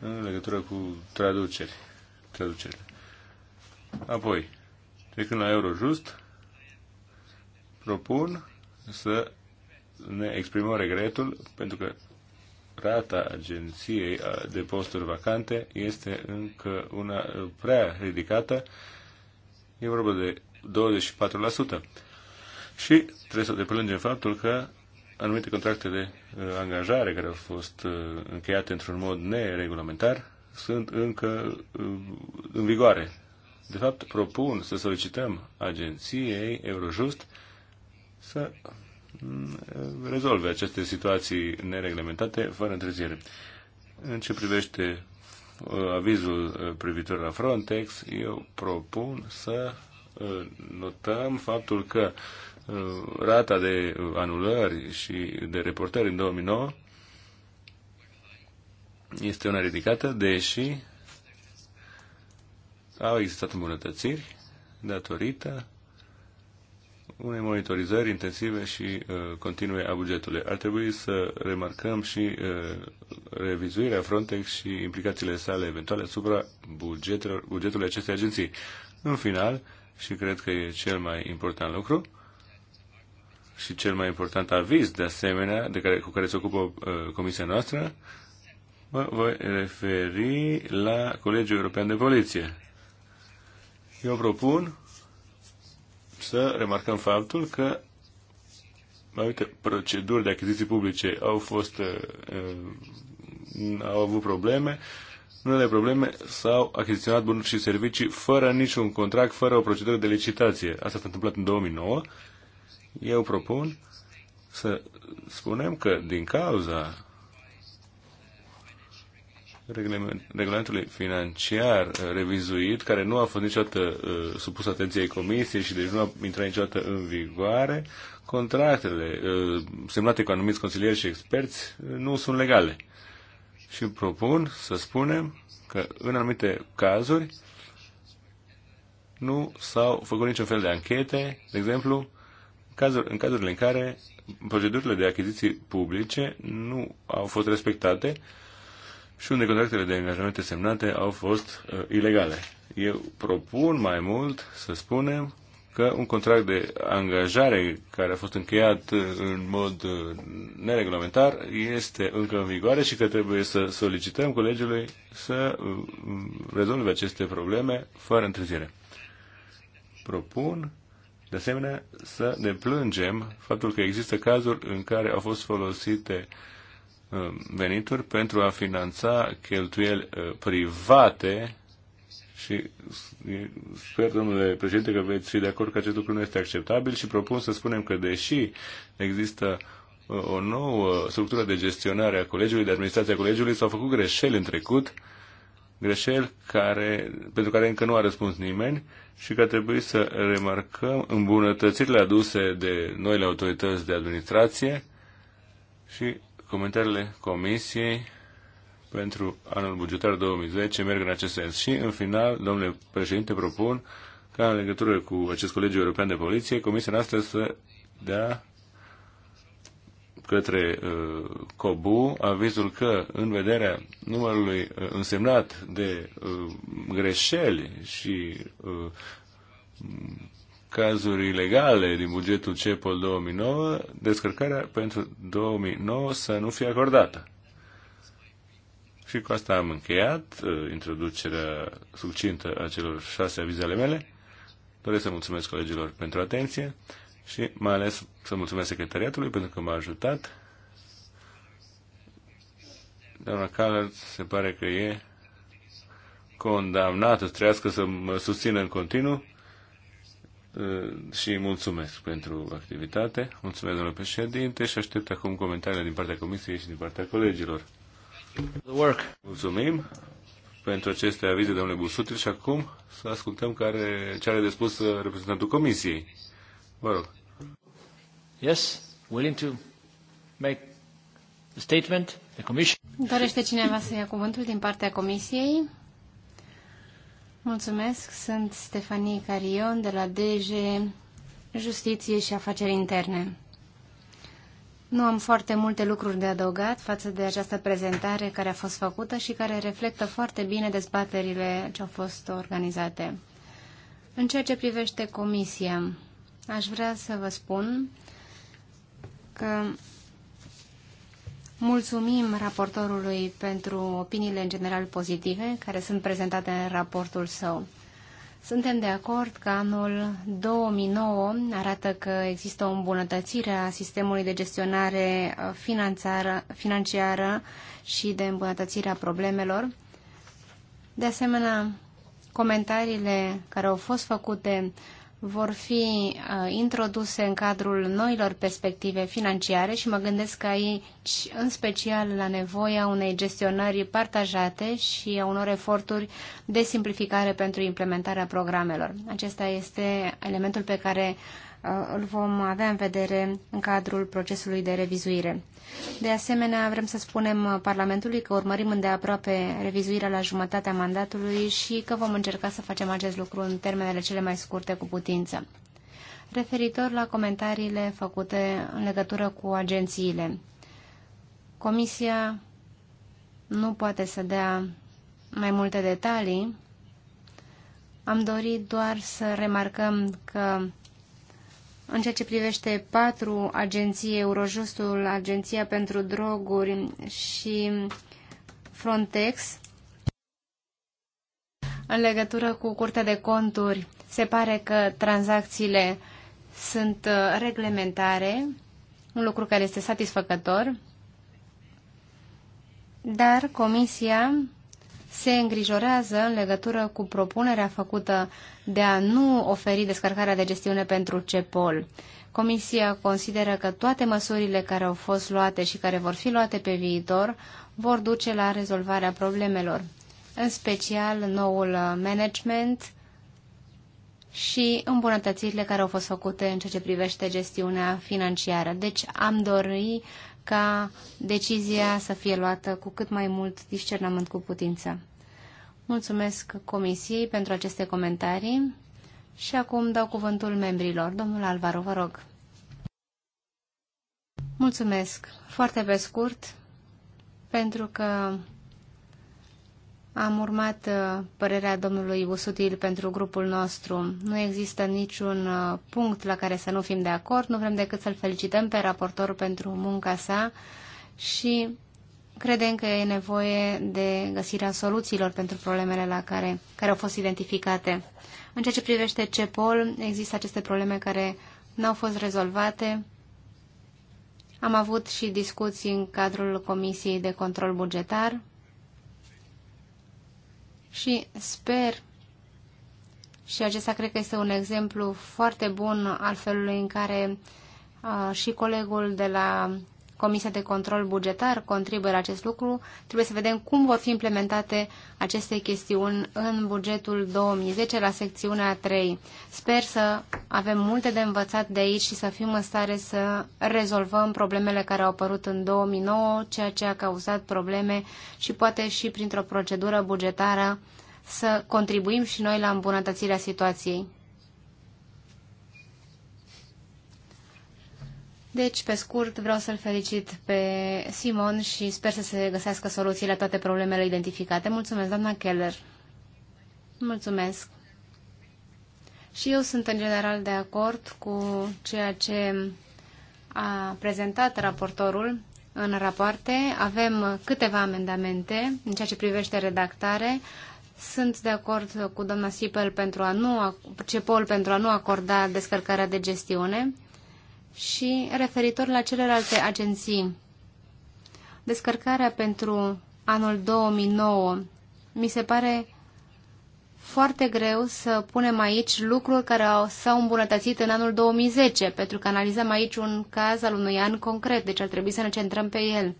în legătură cu traduceri, traducerile. Apoi, trecând la Eurojust, propun să ne exprimăm regretul pentru că rata agenției de posturi vacante este încă una prea ridicată. E vorba de 24%. Și trebuie să deplângem faptul că anumite contracte de uh, angajare care au fost uh, încheiate într-un mod neregulamentar sunt încă uh, în vigoare de fapt, propun să solicităm agenției Eurojust să mm, rezolve aceste situații nereglementate fără întârziere. În ce privește uh, avizul uh, privitor la Frontex, eu propun să uh, notăm faptul că rata de anulări și de reportări în 2009 este una ridicată, deși au existat îmbunătățiri datorită unei monitorizări intensive și uh, continue a bugetului. Ar trebui să remarcăm și uh, revizuirea Frontex și implicațiile sale eventuale asupra bugetului acestei agenții. În final, și cred că e cel mai important lucru, și cel mai important aviz, de asemenea, de care, cu care se ocupă uh, comisia noastră, mă voi referi la Colegiul European de Poliție eu propun să remarcăm faptul că mai multe proceduri de achiziții publice au fost uh, uh, au avut probleme unele probleme s-au achiziționat bunuri și servicii fără niciun contract, fără o procedură de licitație. Asta s-a întâmplat în 2009. Eu propun să spunem că din cauza regulamentului financiar uh, revizuit, care nu a fost niciodată uh, supus atenției comisiei și deci nu a intrat niciodată în vigoare, contractele uh, semnate cu anumiți consilieri și experți uh, nu sunt legale. Și propun să spunem că în anumite cazuri nu s-au făcut niciun fel de anchete, de exemplu, în, cazuri, în cazurile în care procedurile de achiziții publice nu au fost respectate, uh, și unde contractele de angajamente semnate au fost uh, ilegale. Eu propun mai mult să spunem că un contract de angajare care a fost încheiat uh, în mod uh, neregulamentar este încă în vigoare și că trebuie să solicităm colegiului să uh, rezolve aceste probleme fără întârziere. Propun, de asemenea, să ne plângem faptul că există cazuri în care au fost folosite uh, Uh, venituri pentru a finanța cheltuieli uh, private și sper, domnule președinte, că veți fi de acord că acest lucru nu este acceptabil și propun să spunem că, deși există uh, o nouă structură de gestionare a colegiului, de administrație a colegiului, s-au făcut greșeli în trecut, greșeli care, pentru care încă nu a răspuns nimeni și că trebuie să remarcăm îmbunătățirile aduse de noile autorități de administrație și comentariile Comisiei pentru anul bugetar 2010 merg în acest sens. Și, în final, domnule președinte, propun ca în legătură cu acest Colegiu European de Poliție, Comisia noastră să dea către uh, COBU avizul că, în vederea numărului uh, însemnat de uh, greșeli și uh, cazuri ilegale din bugetul CEPOL 2009, descărcarea pentru 2009 să nu fie acordată. Și cu asta am încheiat uh, introducerea succintă a celor șase avize ale mele. Doresc să mulțumesc colegilor pentru atenție și mai ales să mulțumesc secretariatului pentru că m-a ajutat. Doamna Caller se pare că e condamnată, să trească să mă susțină în continuu. Eh, și mulțumesc pentru activitate. Mulțumesc, domnule președinte, și aștept acum comentariile din partea comisiei și din partea colegilor. Mulțumim pentru aceste avize, domnule Busutil, și acum să ascultăm care, ce are de spus eh, reprezentantul comisiei. Vă rog. Yes, willing to make a statement, the commission. Dorește cineva să ia cuvântul din partea comisiei? Mulțumesc, sunt Stefanie Carion de la DG Justiție și Afaceri Interne. Nu am foarte multe lucruri de adăugat față de această prezentare care a fost făcută și care reflectă foarte bine dezbaterile ce au fost organizate. În ceea ce privește comisia, aș vrea să vă spun că Mulțumim raportorului pentru opiniile în general pozitive care sunt prezentate în raportul său. Suntem de acord că anul 2009 arată că există o îmbunătățire a sistemului de gestionare uh, financiară și de a problemelor. De asemenea, comentariile care au fost făcute vor fi uh, introduse în cadrul noilor perspective financiare și mă gândesc aici în special la nevoia unei gestionări partajate și a unor eforturi de simplificare pentru implementarea programelor. Acesta este elementul pe care Uh, îl vom avea în vedere în cadrul procesului de revizuire. De asemenea, vrem să spunem uh, Parlamentului că urmărim îndeaproape revizuirea la jumătatea mandatului și că vom încerca să facem acest lucru în termenele cele mai scurte cu putință. Referitor la comentariile făcute în legătură cu agențiile, Comisia nu poate să dea mai multe detalii. Am dorit doar să remarcăm că în ceea ce privește patru agenții, Eurojustul, Agenția pentru Droguri și Frontex, în legătură cu Curtea de Conturi, se pare că tranzacțiile sunt uh, reglementare, un lucru care este satisfăcător, dar Comisia se îngrijorează în legătură cu propunerea făcută de a nu oferi descărcarea de gestiune pentru CEPOL. Comisia consideră că toate măsurile care au fost luate și care vor fi luate pe viitor vor duce la rezolvarea problemelor, în special noul management și îmbunătățirile care au fost făcute în ceea ce privește gestiunea financiară. Deci am dori ca decizia să fie luată cu cât mai mult discernământ cu putință. Mulțumesc Comisiei pentru aceste comentarii și acum dau cuvântul membrilor. Domnul Alvaro, vă rog. Mulțumesc. Foarte pe scurt, pentru că am urmat uh, părerea domnului Usutil pentru grupul nostru. Nu există niciun uh, punct la care să nu fim de acord. Nu vrem decât să-l felicităm pe raportor pentru munca sa și credem că e nevoie de găsirea soluțiilor pentru problemele la care, care au fost identificate. În ceea ce privește CEPOL, există aceste probleme care nu au fost rezolvate. Am avut și discuții în cadrul Comisiei de Control Bugetar și sper și acesta cred că este un exemplu foarte bun al felului în care uh, și colegul de la Comisia de Control Bugetar contribuie la acest lucru. Trebuie să vedem cum vor fi implementate aceste chestiuni în bugetul 2010 la secțiunea 3. Sper să avem multe de învățat de aici și să fim în stare să rezolvăm problemele care au apărut în 2009, ceea ce a cauzat probleme și poate și printr-o procedură bugetară să contribuim și noi la îmbunătățirea situației. Deci, pe scurt, vreau să-l felicit pe Simon și sper să se găsească soluții la toate problemele identificate. Mulțumesc, doamna Keller. Mulțumesc. Și eu sunt în general de acord cu ceea ce a prezentat raportorul în rapoarte. Avem câteva amendamente în ceea ce privește redactare. Sunt de acord cu doamna Sipel pentru a nu, Cepol pentru a nu acorda descărcarea de gestiune. Și referitor la celelalte agenții, descărcarea pentru anul 2009 mi se pare foarte greu să punem aici lucruri care s-au îmbunătățit în anul 2010, pentru că analizăm aici un caz al unui an concret, deci ar trebui să ne centrăm pe el.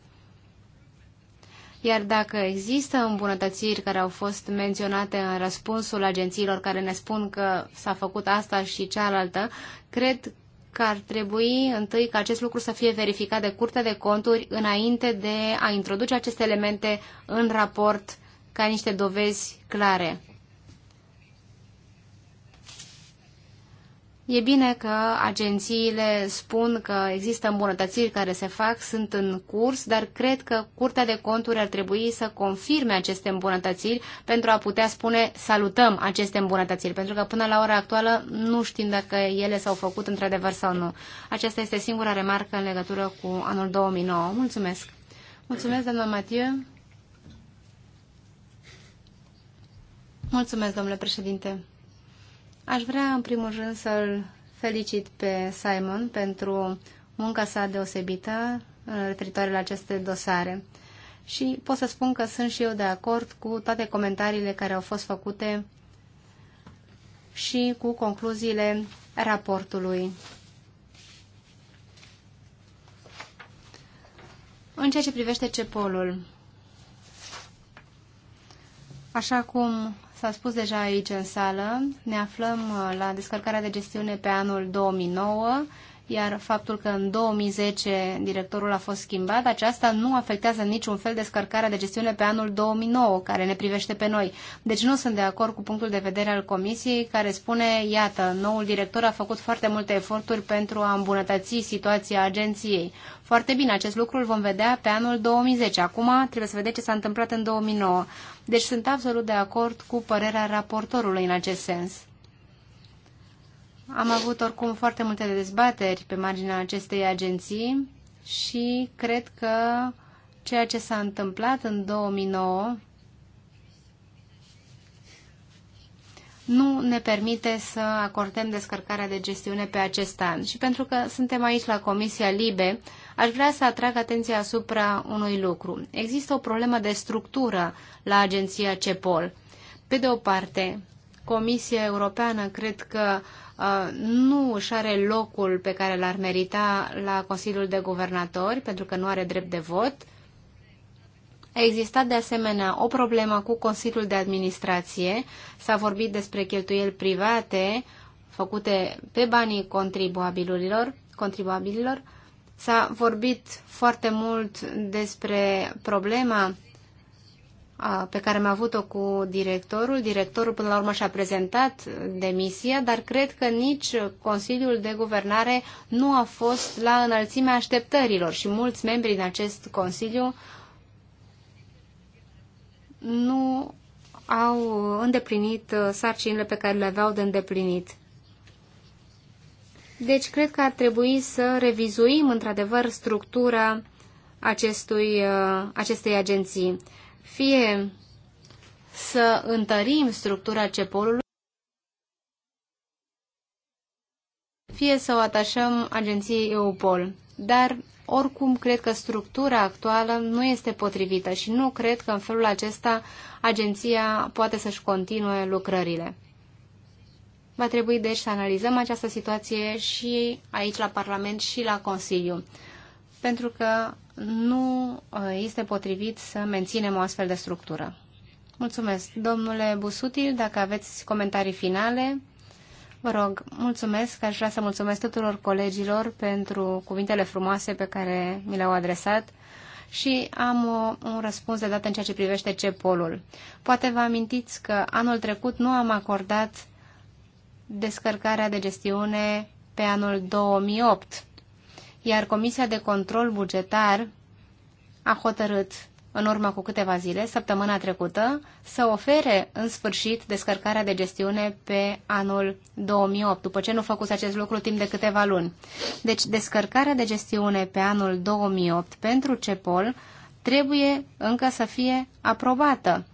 Iar dacă există îmbunătățiri care au fost menționate în răspunsul agențiilor care ne spun că s-a făcut asta și cealaltă, cred că ar trebui întâi ca acest lucru să fie verificat de Curtea de Conturi înainte de a introduce aceste elemente în raport ca niște dovezi clare. E bine că agențiile spun că există îmbunătățiri care se fac, sunt în curs, dar cred că Curtea de Conturi ar trebui să confirme aceste îmbunătățiri pentru a putea spune salutăm aceste îmbunătățiri, pentru că până la ora actuală nu știm dacă ele s-au făcut într-adevăr sau nu. Aceasta este singura remarcă în legătură cu anul 2009. Mulțumesc! Mulțumesc, doamna Mathieu! Mulțumesc, domnule președinte! Aș vrea, în primul rând, să-l felicit pe Simon pentru munca sa deosebită uh, referitoare la aceste dosare. Și pot să spun că sunt și eu de acord cu toate comentariile care au fost făcute și cu concluziile raportului. În ceea ce privește CEPOL-ul, așa cum S-a spus deja aici în sală, ne aflăm uh, la descărcarea de gestiune pe anul 2009 iar faptul că în 2010 directorul a fost schimbat, aceasta nu afectează niciun fel descărcarea de gestiune pe anul 2009, care ne privește pe noi. Deci nu sunt de acord cu punctul de vedere al Comisiei, care spune, iată, noul director a făcut foarte multe eforturi pentru a îmbunătăți situația agenției. Foarte bine, acest lucru îl vom vedea pe anul 2010. Acum trebuie să vedem ce s-a întâmplat în 2009. Deci sunt absolut de acord cu părerea raportorului în acest sens. Am avut oricum foarte multe dezbateri pe marginea acestei agenții și cred că ceea ce s-a întâmplat în 2009 nu ne permite să acordăm descărcarea de gestiune pe acest an. Și pentru că suntem aici la Comisia Libe, aș vrea să atrag atenția asupra unui lucru. Există o problemă de structură la agenția CEPOL. Pe de o parte, Comisia Europeană cred că Uh, nu își are locul pe care l-ar merita la Consiliul de Guvernatori, pentru că nu are drept de vot. A existat de asemenea o problemă cu Consiliul de Administrație. S-a vorbit despre cheltuieli private făcute pe banii contribuabililor, contribuabililor. S-a vorbit foarte mult despre problema pe care am avut-o cu directorul. Directorul până la urmă și-a prezentat demisia, dar cred că nici Consiliul de Guvernare nu a fost la înălțimea așteptărilor și mulți membri din acest Consiliu nu au îndeplinit uh, sarcinile pe care le aveau de îndeplinit. Deci cred că ar trebui să revizuim într-adevăr structura acestui, uh, acestei agenții fie să întărim structura cepolului, fie să o atașăm agenției EUPOL. Dar, oricum, cred că structura actuală nu este potrivită și nu cred că în felul acesta agenția poate să-și continue lucrările. Va trebui deci să analizăm această situație și aici la Parlament și la Consiliu pentru că nu uh, este potrivit să menținem o astfel de structură. Mulțumesc. Domnule Busutil, dacă aveți comentarii finale, vă rog, mulțumesc. Aș vrea să mulțumesc tuturor colegilor pentru cuvintele frumoase pe care mi le-au adresat și am o, un răspuns de dat în ceea ce privește ce polul. Poate vă amintiți că anul trecut nu am acordat descărcarea de gestiune pe anul 2008 iar Comisia de Control Bugetar a hotărât în urmă cu câteva zile, săptămâna trecută, să ofere în sfârșit descărcarea de gestiune pe anul 2008, după ce nu făcuse acest lucru timp de câteva luni. Deci, descărcarea de gestiune pe anul 2008 pentru CEPOL trebuie încă să fie aprobată.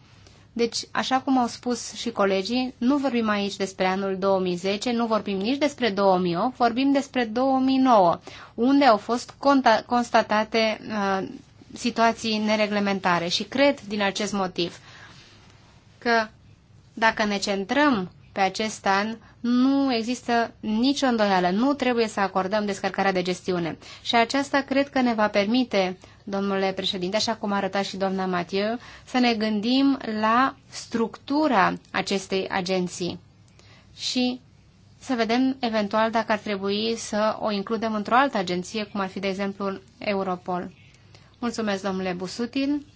Deci, așa cum au spus și colegii, nu vorbim aici despre anul 2010, nu vorbim nici despre 2008, vorbim despre 2009, unde au fost constatate uh, situații nereglementare. Și cred din acest motiv că dacă ne centrăm pe acest an, nu există nicio îndoială. Nu trebuie să acordăm descărcarea de gestiune. Și aceasta cred că ne va permite domnule președinte, așa cum arăta și doamna Mathieu, să ne gândim la structura acestei agenții și să vedem eventual dacă ar trebui să o includem într-o altă agenție, cum ar fi, de exemplu, Europol. Mulțumesc, domnule Busutin.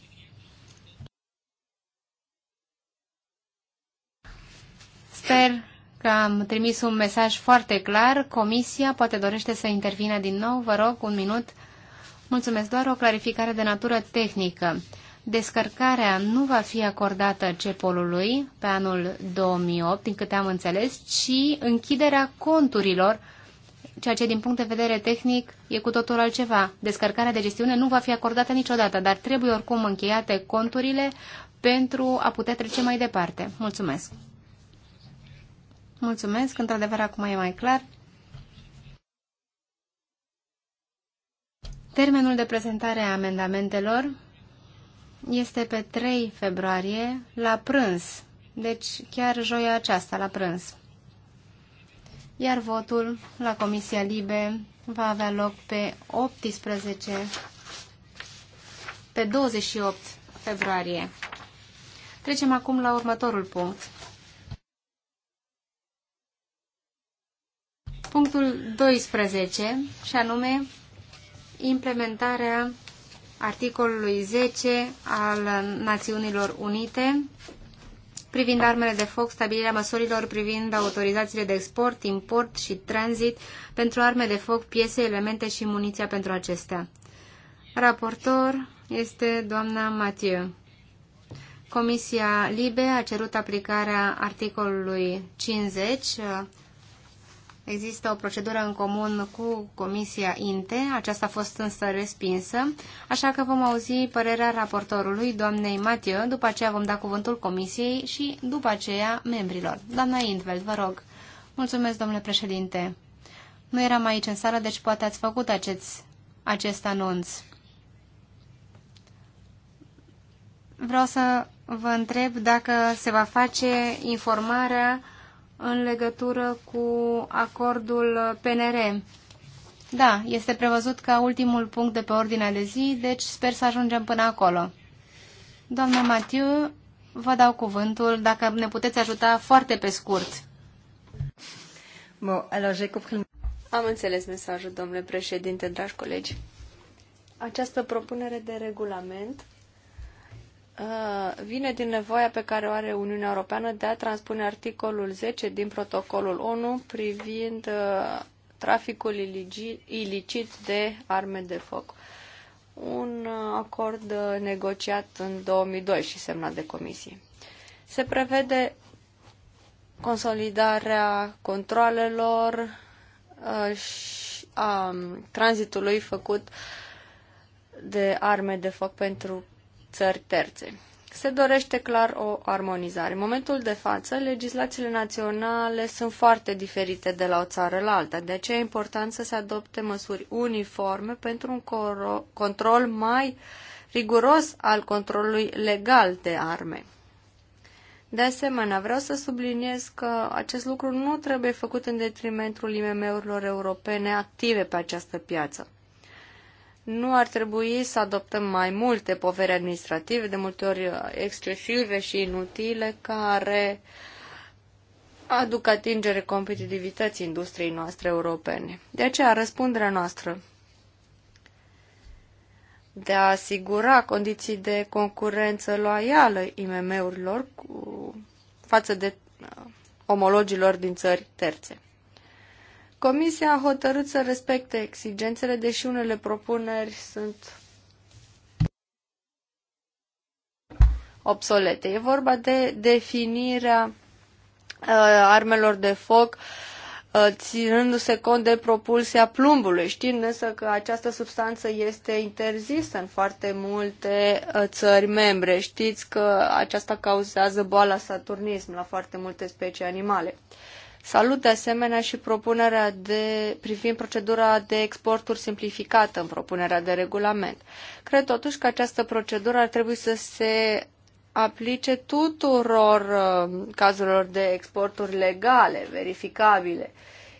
Sper că am trimis un mesaj foarte clar. Comisia poate dorește să intervină din nou. Vă rog, un minut Mulțumesc, doar o clarificare de natură tehnică. Descărcarea nu va fi acordată CEPOL-ului pe anul 2008, din câte am înțeles, ci închiderea conturilor, ceea ce din punct de vedere tehnic e cu totul altceva. Descărcarea de gestiune nu va fi acordată niciodată, dar trebuie oricum încheiate conturile pentru a putea trece mai departe. Mulțumesc! Mulțumesc, într-adevăr acum e mai clar. Termenul de prezentare a amendamentelor este pe 3 februarie la prânz, deci chiar joia aceasta la prânz. Iar votul la Comisia Libe va avea loc pe 18, pe 28 februarie. Trecem acum la următorul punct. Punctul 12, și anume implementarea articolului 10 al Națiunilor Unite privind armele de foc, stabilirea măsurilor privind autorizațiile de export, import și tranzit pentru arme de foc, piese, elemente și muniția pentru acestea. Raportor este doamna Mathieu. Comisia Libe a cerut aplicarea articolului 50 Există o procedură în comun cu Comisia INTE, aceasta a fost însă respinsă, așa că vom auzi părerea raportorului, doamnei Mathieu, după aceea vom da cuvântul Comisiei și după aceea membrilor. Doamna Intveld, vă rog. Mulțumesc, domnule președinte. Nu eram aici în sală, deci poate ați făcut acest, acest anunț. Vreau să vă întreb dacă se va face informarea în legătură cu acordul PNR. Da, este prevăzut ca ultimul punct de pe ordinea de zi, deci sper să ajungem până acolo. Doamna Matiu, vă dau cuvântul dacă ne puteți ajuta foarte pe scurt. Bon, alors Am înțeles mesajul, domnule președinte, dragi colegi. Această propunere de regulament Uh, vine din nevoia pe care o are Uniunea Europeană de a transpune articolul 10 din protocolul ONU privind uh, traficul ilicit de arme de foc. Un uh, acord negociat în 2002 și semnat de comisie. Se prevede consolidarea controlelor și a um, tranzitului făcut de arme de foc pentru țări terțe. Se dorește clar o armonizare. În momentul de față, legislațiile naționale sunt foarte diferite de la o țară la alta, de aceea e important să se adopte măsuri uniforme pentru un control mai riguros al controlului legal de arme. De asemenea, vreau să subliniez că acest lucru nu trebuie făcut în detrimentul IMM-urilor europene active pe această piață nu ar trebui să adoptăm mai multe povere administrative, de multe ori excesive și inutile, care aduc atingere competitivității industriei noastre europene. De aceea, răspunderea noastră de a asigura condiții de concurență loială IMM-urilor față de uh, omologilor din țări terțe. Comisia a hotărât să respecte exigențele, deși unele propuneri sunt obsolete. E vorba de definirea uh, armelor de foc uh, ținându-se cont de propulsia plumbului, știind însă că această substanță este interzisă în foarte multe uh, țări membre. Știți că aceasta cauzează boala saturnism la foarte multe specii animale. Salut de asemenea și propunerea de, privind procedura de exporturi simplificată în propunerea de regulament. Cred totuși că această procedură ar trebui să se aplice tuturor uh, cazurilor de exporturi legale, verificabile,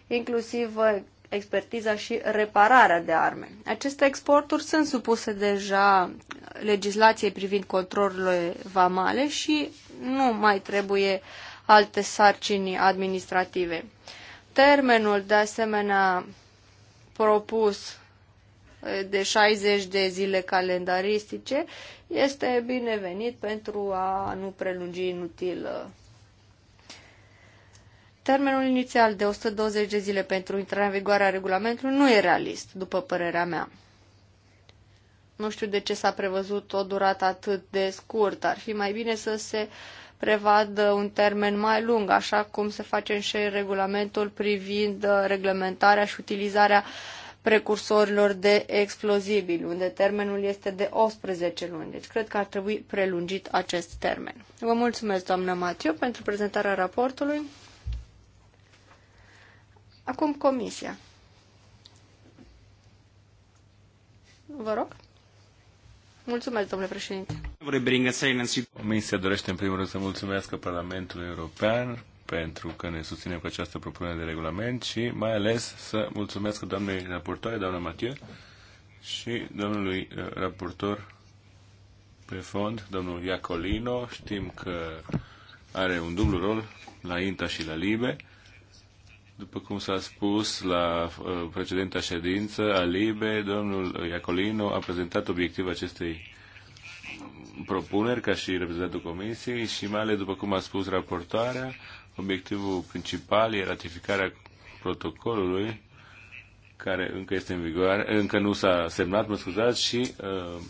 inclusiv uh, expertiza și repararea de arme. Aceste exporturi sunt supuse deja legislației privind controlurile vamale și nu mai trebuie uh, alte sarcini administrative. Termenul, de asemenea, propus de 60 de zile calendaristice este binevenit pentru a nu prelungi inutil Termenul inițial de 120 de zile pentru intrarea în vigoare a regulamentului nu e realist, după părerea mea. Nu știu de ce s-a prevăzut o durată atât de scurtă. Ar fi mai bine să se uh, prevad un termen mai lung, așa cum se face și regulamentul privind uh, reglementarea și utilizarea precursorilor de explozibili, unde termenul este de 18 luni. Deci cred că ar trebui prelungit acest termen. Vă mulțumesc, doamnă Matiu, pentru prezentarea raportului. Acum comisia. Vă rog. Mulțumesc, domnule președinte. Comisia dorește în primul rând să mulțumesc Parlamentului European pentru că ne susține cu această propunere de regulament și mai ales să mulțumesc doamnei raportoare, doamna Mathieu, și domnului uh, raportor pe fond, domnul Iacolino. Știm că are un dublu rol la INTA și la LIBE. După cum s-a spus la uh, precedenta ședință a LIBE, domnul Iacolino a prezentat obiectivul acestei propuneri ca și reprezentantul Comisiei și mai ales, după cum a spus raportoarea, obiectivul principal e ratificarea protocolului care încă este în vigoare, încă nu s-a semnat, mă scuzați, și uh,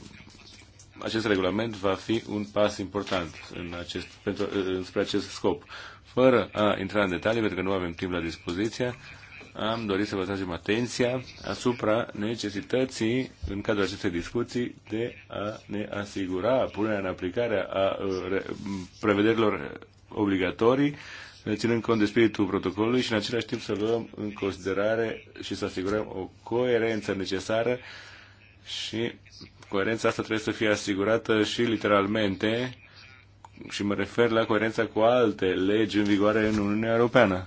acest regulament va fi un pas important în acest, pentru, uh, spre acest scop. Fără a intra în detalii, pentru că nu avem timp la dispoziție, am dorit să vă tragem atenția asupra necesității, în cadrul acestei discuții, de a ne asigura punerea în aplicare a prevederilor obligatorii, ținând cont de spiritul protocolului și în același timp să luăm în considerare și să asigurăm o coerență necesară și coerența asta trebuie să fie asigurată și literalmente și mă refer la coerența cu alte legi în vigoare în Uniunea Europeană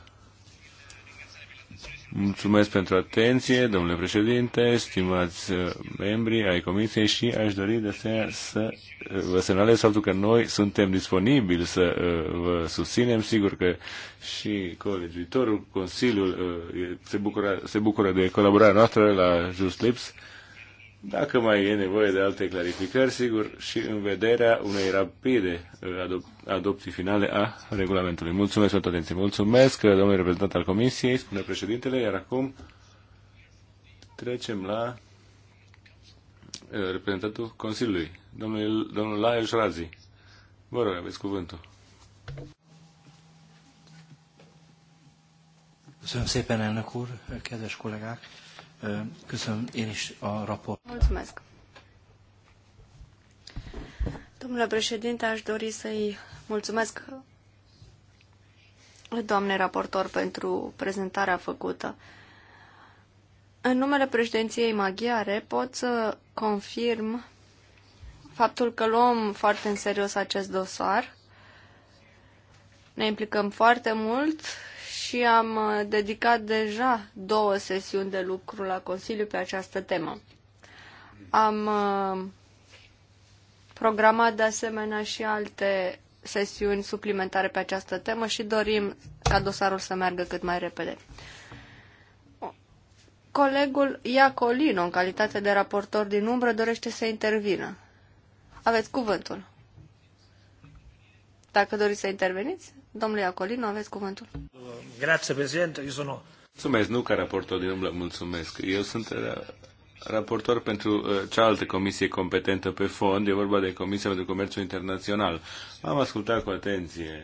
Mulțumesc pentru atenție, domnule președinte, stimați uh, membri ai comisiei și aș dori de asemenea să uh, vă semnalez faptul că noi suntem disponibili să uh, vă susținem. Sigur că și colegiuitorul, Consiliul se bucură, se bucură de colaborarea noastră la Just Lips dacă mai e nevoie de alte clarificări, sigur, și în vederea unei rapide uh, adop- adopții finale a regulamentului. Mulțumesc pentru atenție. Mulțumesc, uh, domnule reprezentant al Comisiei, spune președintele, iar acum trecem la uh, reprezentantul Consiliului, domnul, domnul Lael Razi. Vă rog, aveți cuvântul. Köszönöm szépen, elnök úr, kedves kollégák! Köszönöm én is a raport. Mulțumesc. Domnule președinte, aș dori să-i mulțumesc doamnei raportor pentru prezentarea făcută. În numele președinției maghiare pot să confirm faptul că luăm foarte în serios acest dosar, ne implicăm foarte mult și am uh, dedicat deja două sesiuni de lucru la Consiliu pe această temă. Am uh, programat de asemenea și alte sesiuni suplimentare pe această temă și dorim ca dosarul să meargă cât mai repede. Colegul Iacolino, în calitate de raportor din umbră, dorește să intervină. Aveți cuvântul. Dacă doriți să interveniți, domnule Iacolino, aveți cuvântul. Grazie, președinte. Eu sunt... Mulțumesc, nu ca raportor din umblă, mulțumesc. Eu sunt uh, raportor pentru uh, cealaltă comisie competentă pe fond, e vorba de Comisia pentru Comerțul Internațional. Am ascultat cu atenție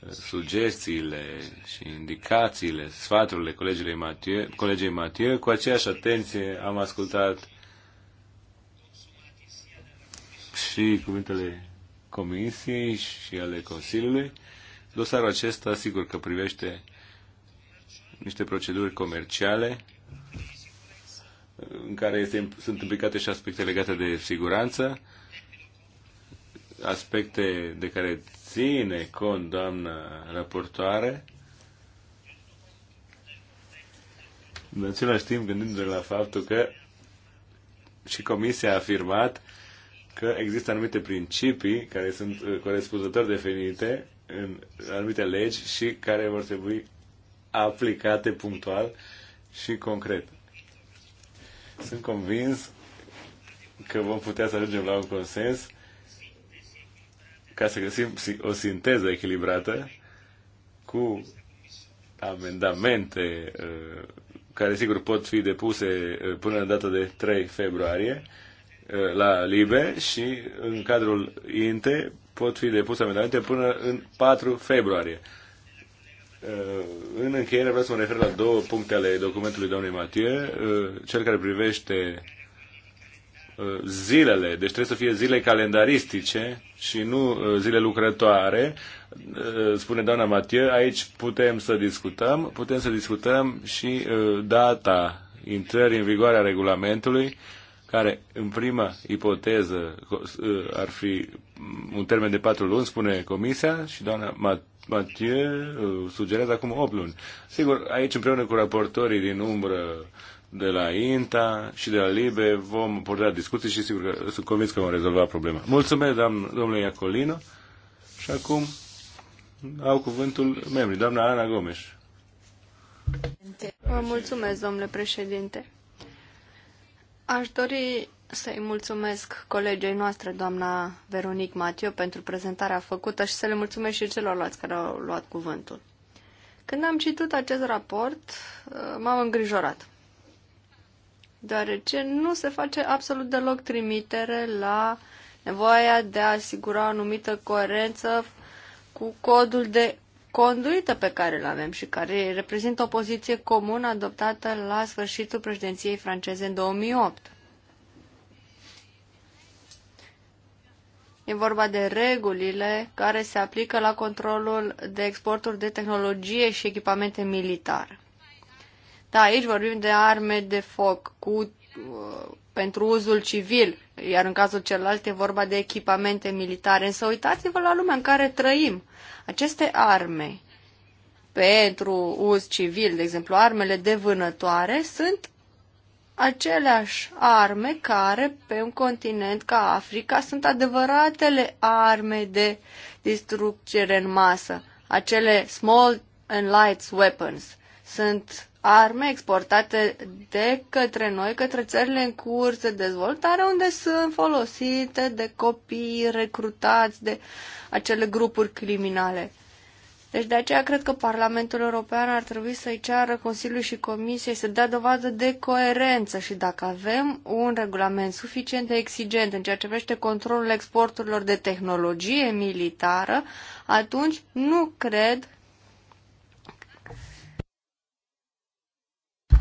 uh, sugestiile și indicațiile, sfaturile colegii Mathieu, colegii Mathieu. Cu aceeași atenție am ascultat și cuvintele Comisiei și ale Consiliului. Dosarul acesta, sigur că privește niște proceduri comerciale în care este, sunt implicate și aspecte legate de siguranță, aspecte de care ține cont doamna raportoare. În același timp, gândindu-ne la faptul că și Comisia a afirmat că există anumite principii care sunt uh, corespunzător definite în anumite legi și care vor trebui aplicate punctual și concret. Sunt convins că vom putea să ajungem la un consens ca să găsim o sinteză echilibrată cu amendamente uh, care sigur pot fi depuse uh, până în data de 3 februarie Uh, la LIBE și în cadrul INTE pot fi depuse amendamente până în 4 februarie. Uh, în încheiere vreau să mă refer la două puncte ale documentului domnului Matie, uh, cel care privește zilele, deci trebuie să fie zile calendaristice și nu zile lucrătoare, spune doamna Matie, aici putem să discutăm, putem să discutăm și data intrării în vigoare a regulamentului, care în prima ipoteză uh, ar fi un termen de patru luni, spune Comisia, și doamna Mathieu uh, sugerează acum 8 luni. Sigur, aici împreună cu raportorii din umbră de la INTA și de la LIBE vom purta discuții și sigur că sunt convins că vom rezolva problema. Mulțumesc, doamn, domnule Iacolino. Și acum au cuvântul membrii, doamna Ana Gomes. Vă mulțumesc, domnule președinte. Aș dori să-i mulțumesc colegei noastre, doamna Veronic Matiu, pentru prezentarea făcută și să le mulțumesc și celorlalți care au luat cuvântul. Când am citit acest raport, m-am îngrijorat, deoarece nu se face absolut deloc trimitere la nevoia de a asigura o anumită coerență cu codul de conduită pe care îl avem și care reprezintă o poziție comună adoptată la sfârșitul președinției franceze în 2008. E vorba de regulile care se aplică la controlul de exporturi de tehnologie și echipamente militare. Da, aici vorbim de arme de foc cu, uh, pentru uzul civil, iar în cazul celălalt e vorba de echipamente militare. Însă uitați-vă la lumea în care trăim. Aceste arme pentru uz civil, de exemplu, armele de vânătoare, sunt aceleași arme care pe un continent ca Africa sunt adevăratele arme de distrugere în masă. Acele small and light weapons sunt arme exportate de către noi, către țările în curs de dezvoltare, unde sunt folosite de copii recrutați de acele grupuri criminale. Deci de aceea cred că Parlamentul European ar trebui să-i ceară Consiliului și Comisiei să dea dovadă de coerență și dacă avem un regulament suficient de exigent în ceea ce privește controlul exporturilor de tehnologie militară, atunci nu cred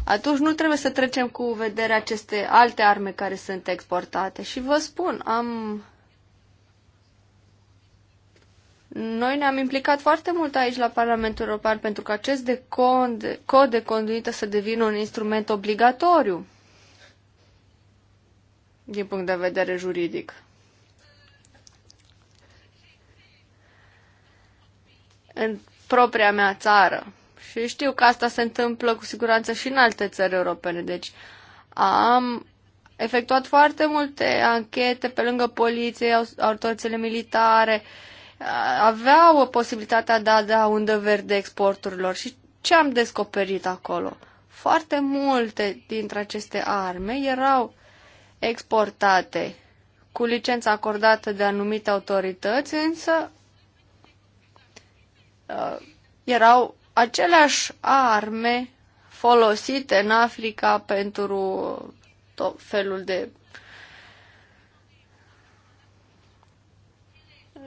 atunci nu trebuie să trecem cu vedere aceste alte arme care sunt exportate. Și vă spun, am... Noi ne-am implicat foarte mult aici la Parlamentul European pentru că acest de cond, cod de conduită să devină un instrument obligatoriu din punct de vedere juridic. În propria mea țară, și știu că asta se întâmplă cu siguranță și în alte țări europene. Deci am efectuat foarte multe anchete pe lângă poliție, autoritățile militare, aveau posibilitatea de a da undă verde exporturilor. Și ce am descoperit acolo? Foarte multe dintre aceste arme erau exportate cu licența acordată de anumite autorități, însă uh, erau aceleași arme folosite în Africa pentru tot felul de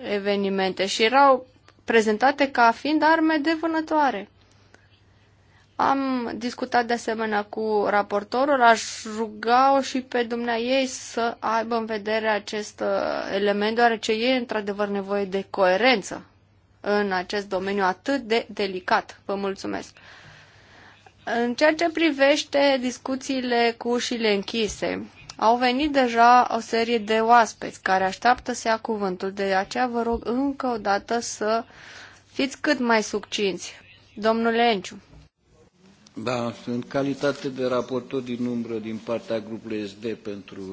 evenimente și erau prezentate ca fiind arme de vânătoare. Am discutat de asemenea cu raportorul, aș ruga-o și pe dumnea ei să aibă în vedere acest uh, element, deoarece e într-adevăr nevoie de coerență în acest domeniu atât de delicat. Vă mulțumesc! În ceea ce privește discuțiile cu ușile închise, au venit deja o serie de oaspeți care așteaptă să ia cuvântul, de aceea vă rog încă o dată să fiți cât mai succinți. Domnule Enciu. Da, în calitate de raportor din umbră din partea grupului SD pentru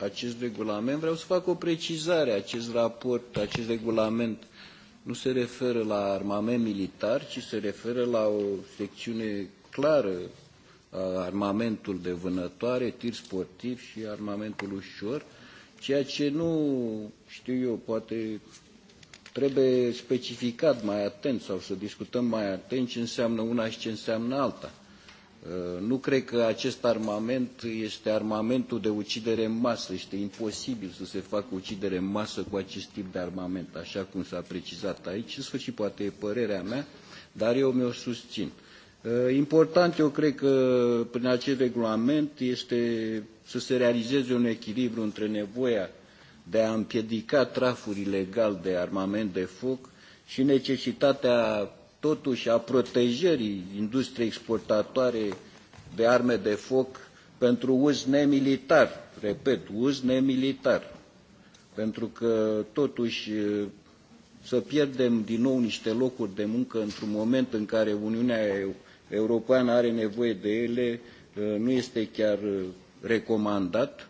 acest regulament, vreau să fac o precizare. Acest raport, acest regulament nu se referă la armament militar, ci se referă la o secțiune clară a armamentul de vânătoare, tir sportiv și armamentul ușor, ceea ce nu, știu eu, poate trebuie specificat mai atent sau să discutăm mai atent ce înseamnă una și ce înseamnă alta. Uh, nu cred că acest armament este armamentul de ucidere în masă. Este imposibil să se facă ucidere în masă cu acest tip de armament, așa cum s-a precizat aici. În sfârșit, poate e părerea mea, dar eu mi-o susțin. Uh, important, eu cred că prin acest regulament este să se realizeze un echilibru între nevoia de a împiedica traful ilegal de armament de foc și necesitatea totuși a protejării industriei exportatoare de arme de foc pentru uz nemilitar, repet, uz nemilitar. Pentru că totuși să pierdem din nou niște locuri de muncă într-un moment în care Uniunea Europeană are nevoie de ele, nu este chiar recomandat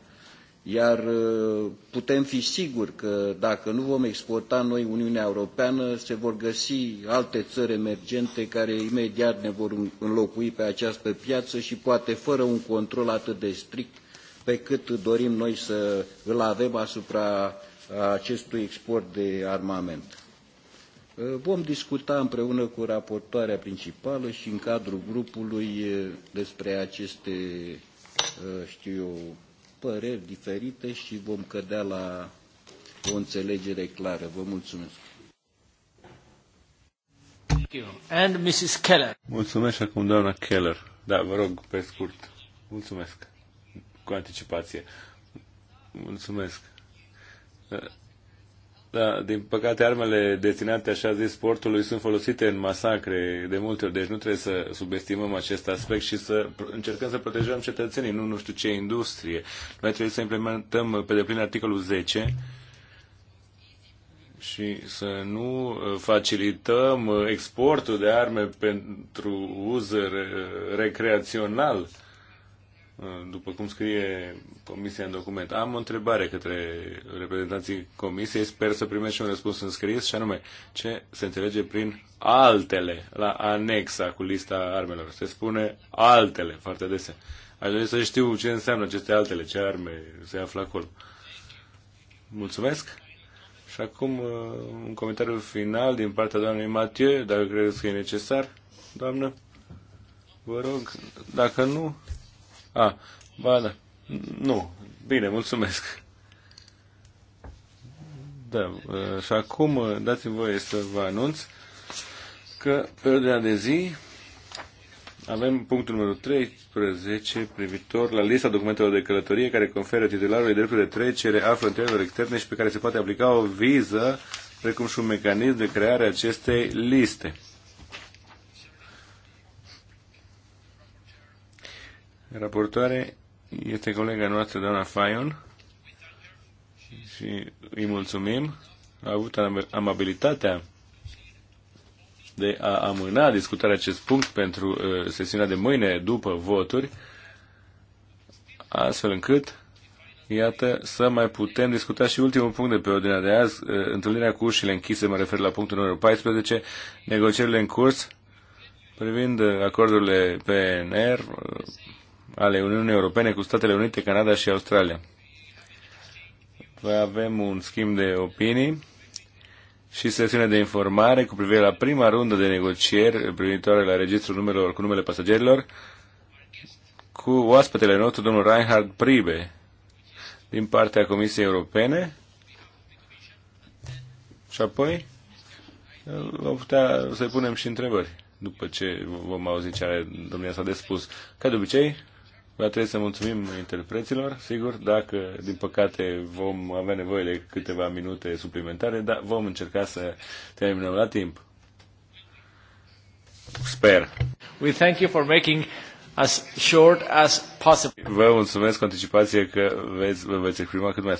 iar uh, putem fi siguri că dacă nu vom exporta noi Uniunea Europeană, se vor găsi alte țări emergente care imediat ne vor înlocui pe această piață și poate fără un control atât de strict pe cât dorim noi să îl avem asupra acestui export de armament. Uh, vom discuta împreună cu raportoarea principală și în cadrul grupului uh, despre aceste, știu eu, păreri diferite și vom cădea la o înțelegere clară. Vă mulțumesc. And Mrs. Keller. Mulțumesc acum doamna Keller. Da, vă rog, pe scurt. Mulțumesc. Cu anticipație. Mulțumesc. Da, din păcate armele destinate, așa zis, sportului sunt folosite în masacre de multe ori, deci nu trebuie să subestimăm acest aspect și să încercăm să protejăm cetățenii, nu nu știu ce industrie. Noi trebuie să implementăm pe deplin articolul 10 și să nu uh, facilităm uh, exportul de arme pentru uz recreațional după cum scrie Comisia în document. Am o întrebare către reprezentanții Comisiei, sper să primești un răspuns în scris, și anume, ce se înțelege prin altele, la anexa cu lista armelor? Se spune altele foarte dese. Aș dori să știu ce înseamnă aceste altele, ce arme se află acolo. Mulțumesc! Și acum uh, un comentariu final din partea doamnei Mathieu, dacă credeți că e necesar, doamnă. Vă rog, dacă nu, a, ah, ba da. Nu. Bine, mulțumesc. Da, eh, și acum eh, dați-mi voie să vă anunț că pe ordinea de zi avem punctul numărul 13 privitor la lista documentelor de călătorie care conferă titularului dreptul de trecere a frontierelor externe și pe care se poate aplica o viză, precum și un mecanism de creare a acestei liste. Raportoare este colega noastră, doamna Fayon, și îi mulțumim. A avut amabilitatea de a amâna discutarea acest punct pentru uh, sesiunea de mâine după voturi, astfel încât, iată, să mai putem discuta și ultimul punct de pe ordinea de azi, uh, întâlnirea cu ușile închise, mă refer la punctul numărul 14, negocierile în curs privind acordurile PNR, uh, ale Uniunii Europene cu Statele Unite, Canada și Australia. Vă avem un schimb de opinii și sesiune de informare cu privire la prima rundă de negocieri privitoare la registrul numelor cu numele pasagerilor cu oaspetele nostru, domnul Reinhard Pribe, din partea Comisiei Europene. Și apoi vom putea să-i punem și întrebări după ce vom auzi ce are domnia s-a de spus. Ca de obicei, Va trebui să mulțumim interpreților, sigur, dacă, din păcate, vom avea nevoie de câteva minute suplimentare, dar vom încerca să terminăm la timp. Sper. We thank you for making as short as possible. Vă mulțumesc cu anticipație că veți, vă veți exprima cât mai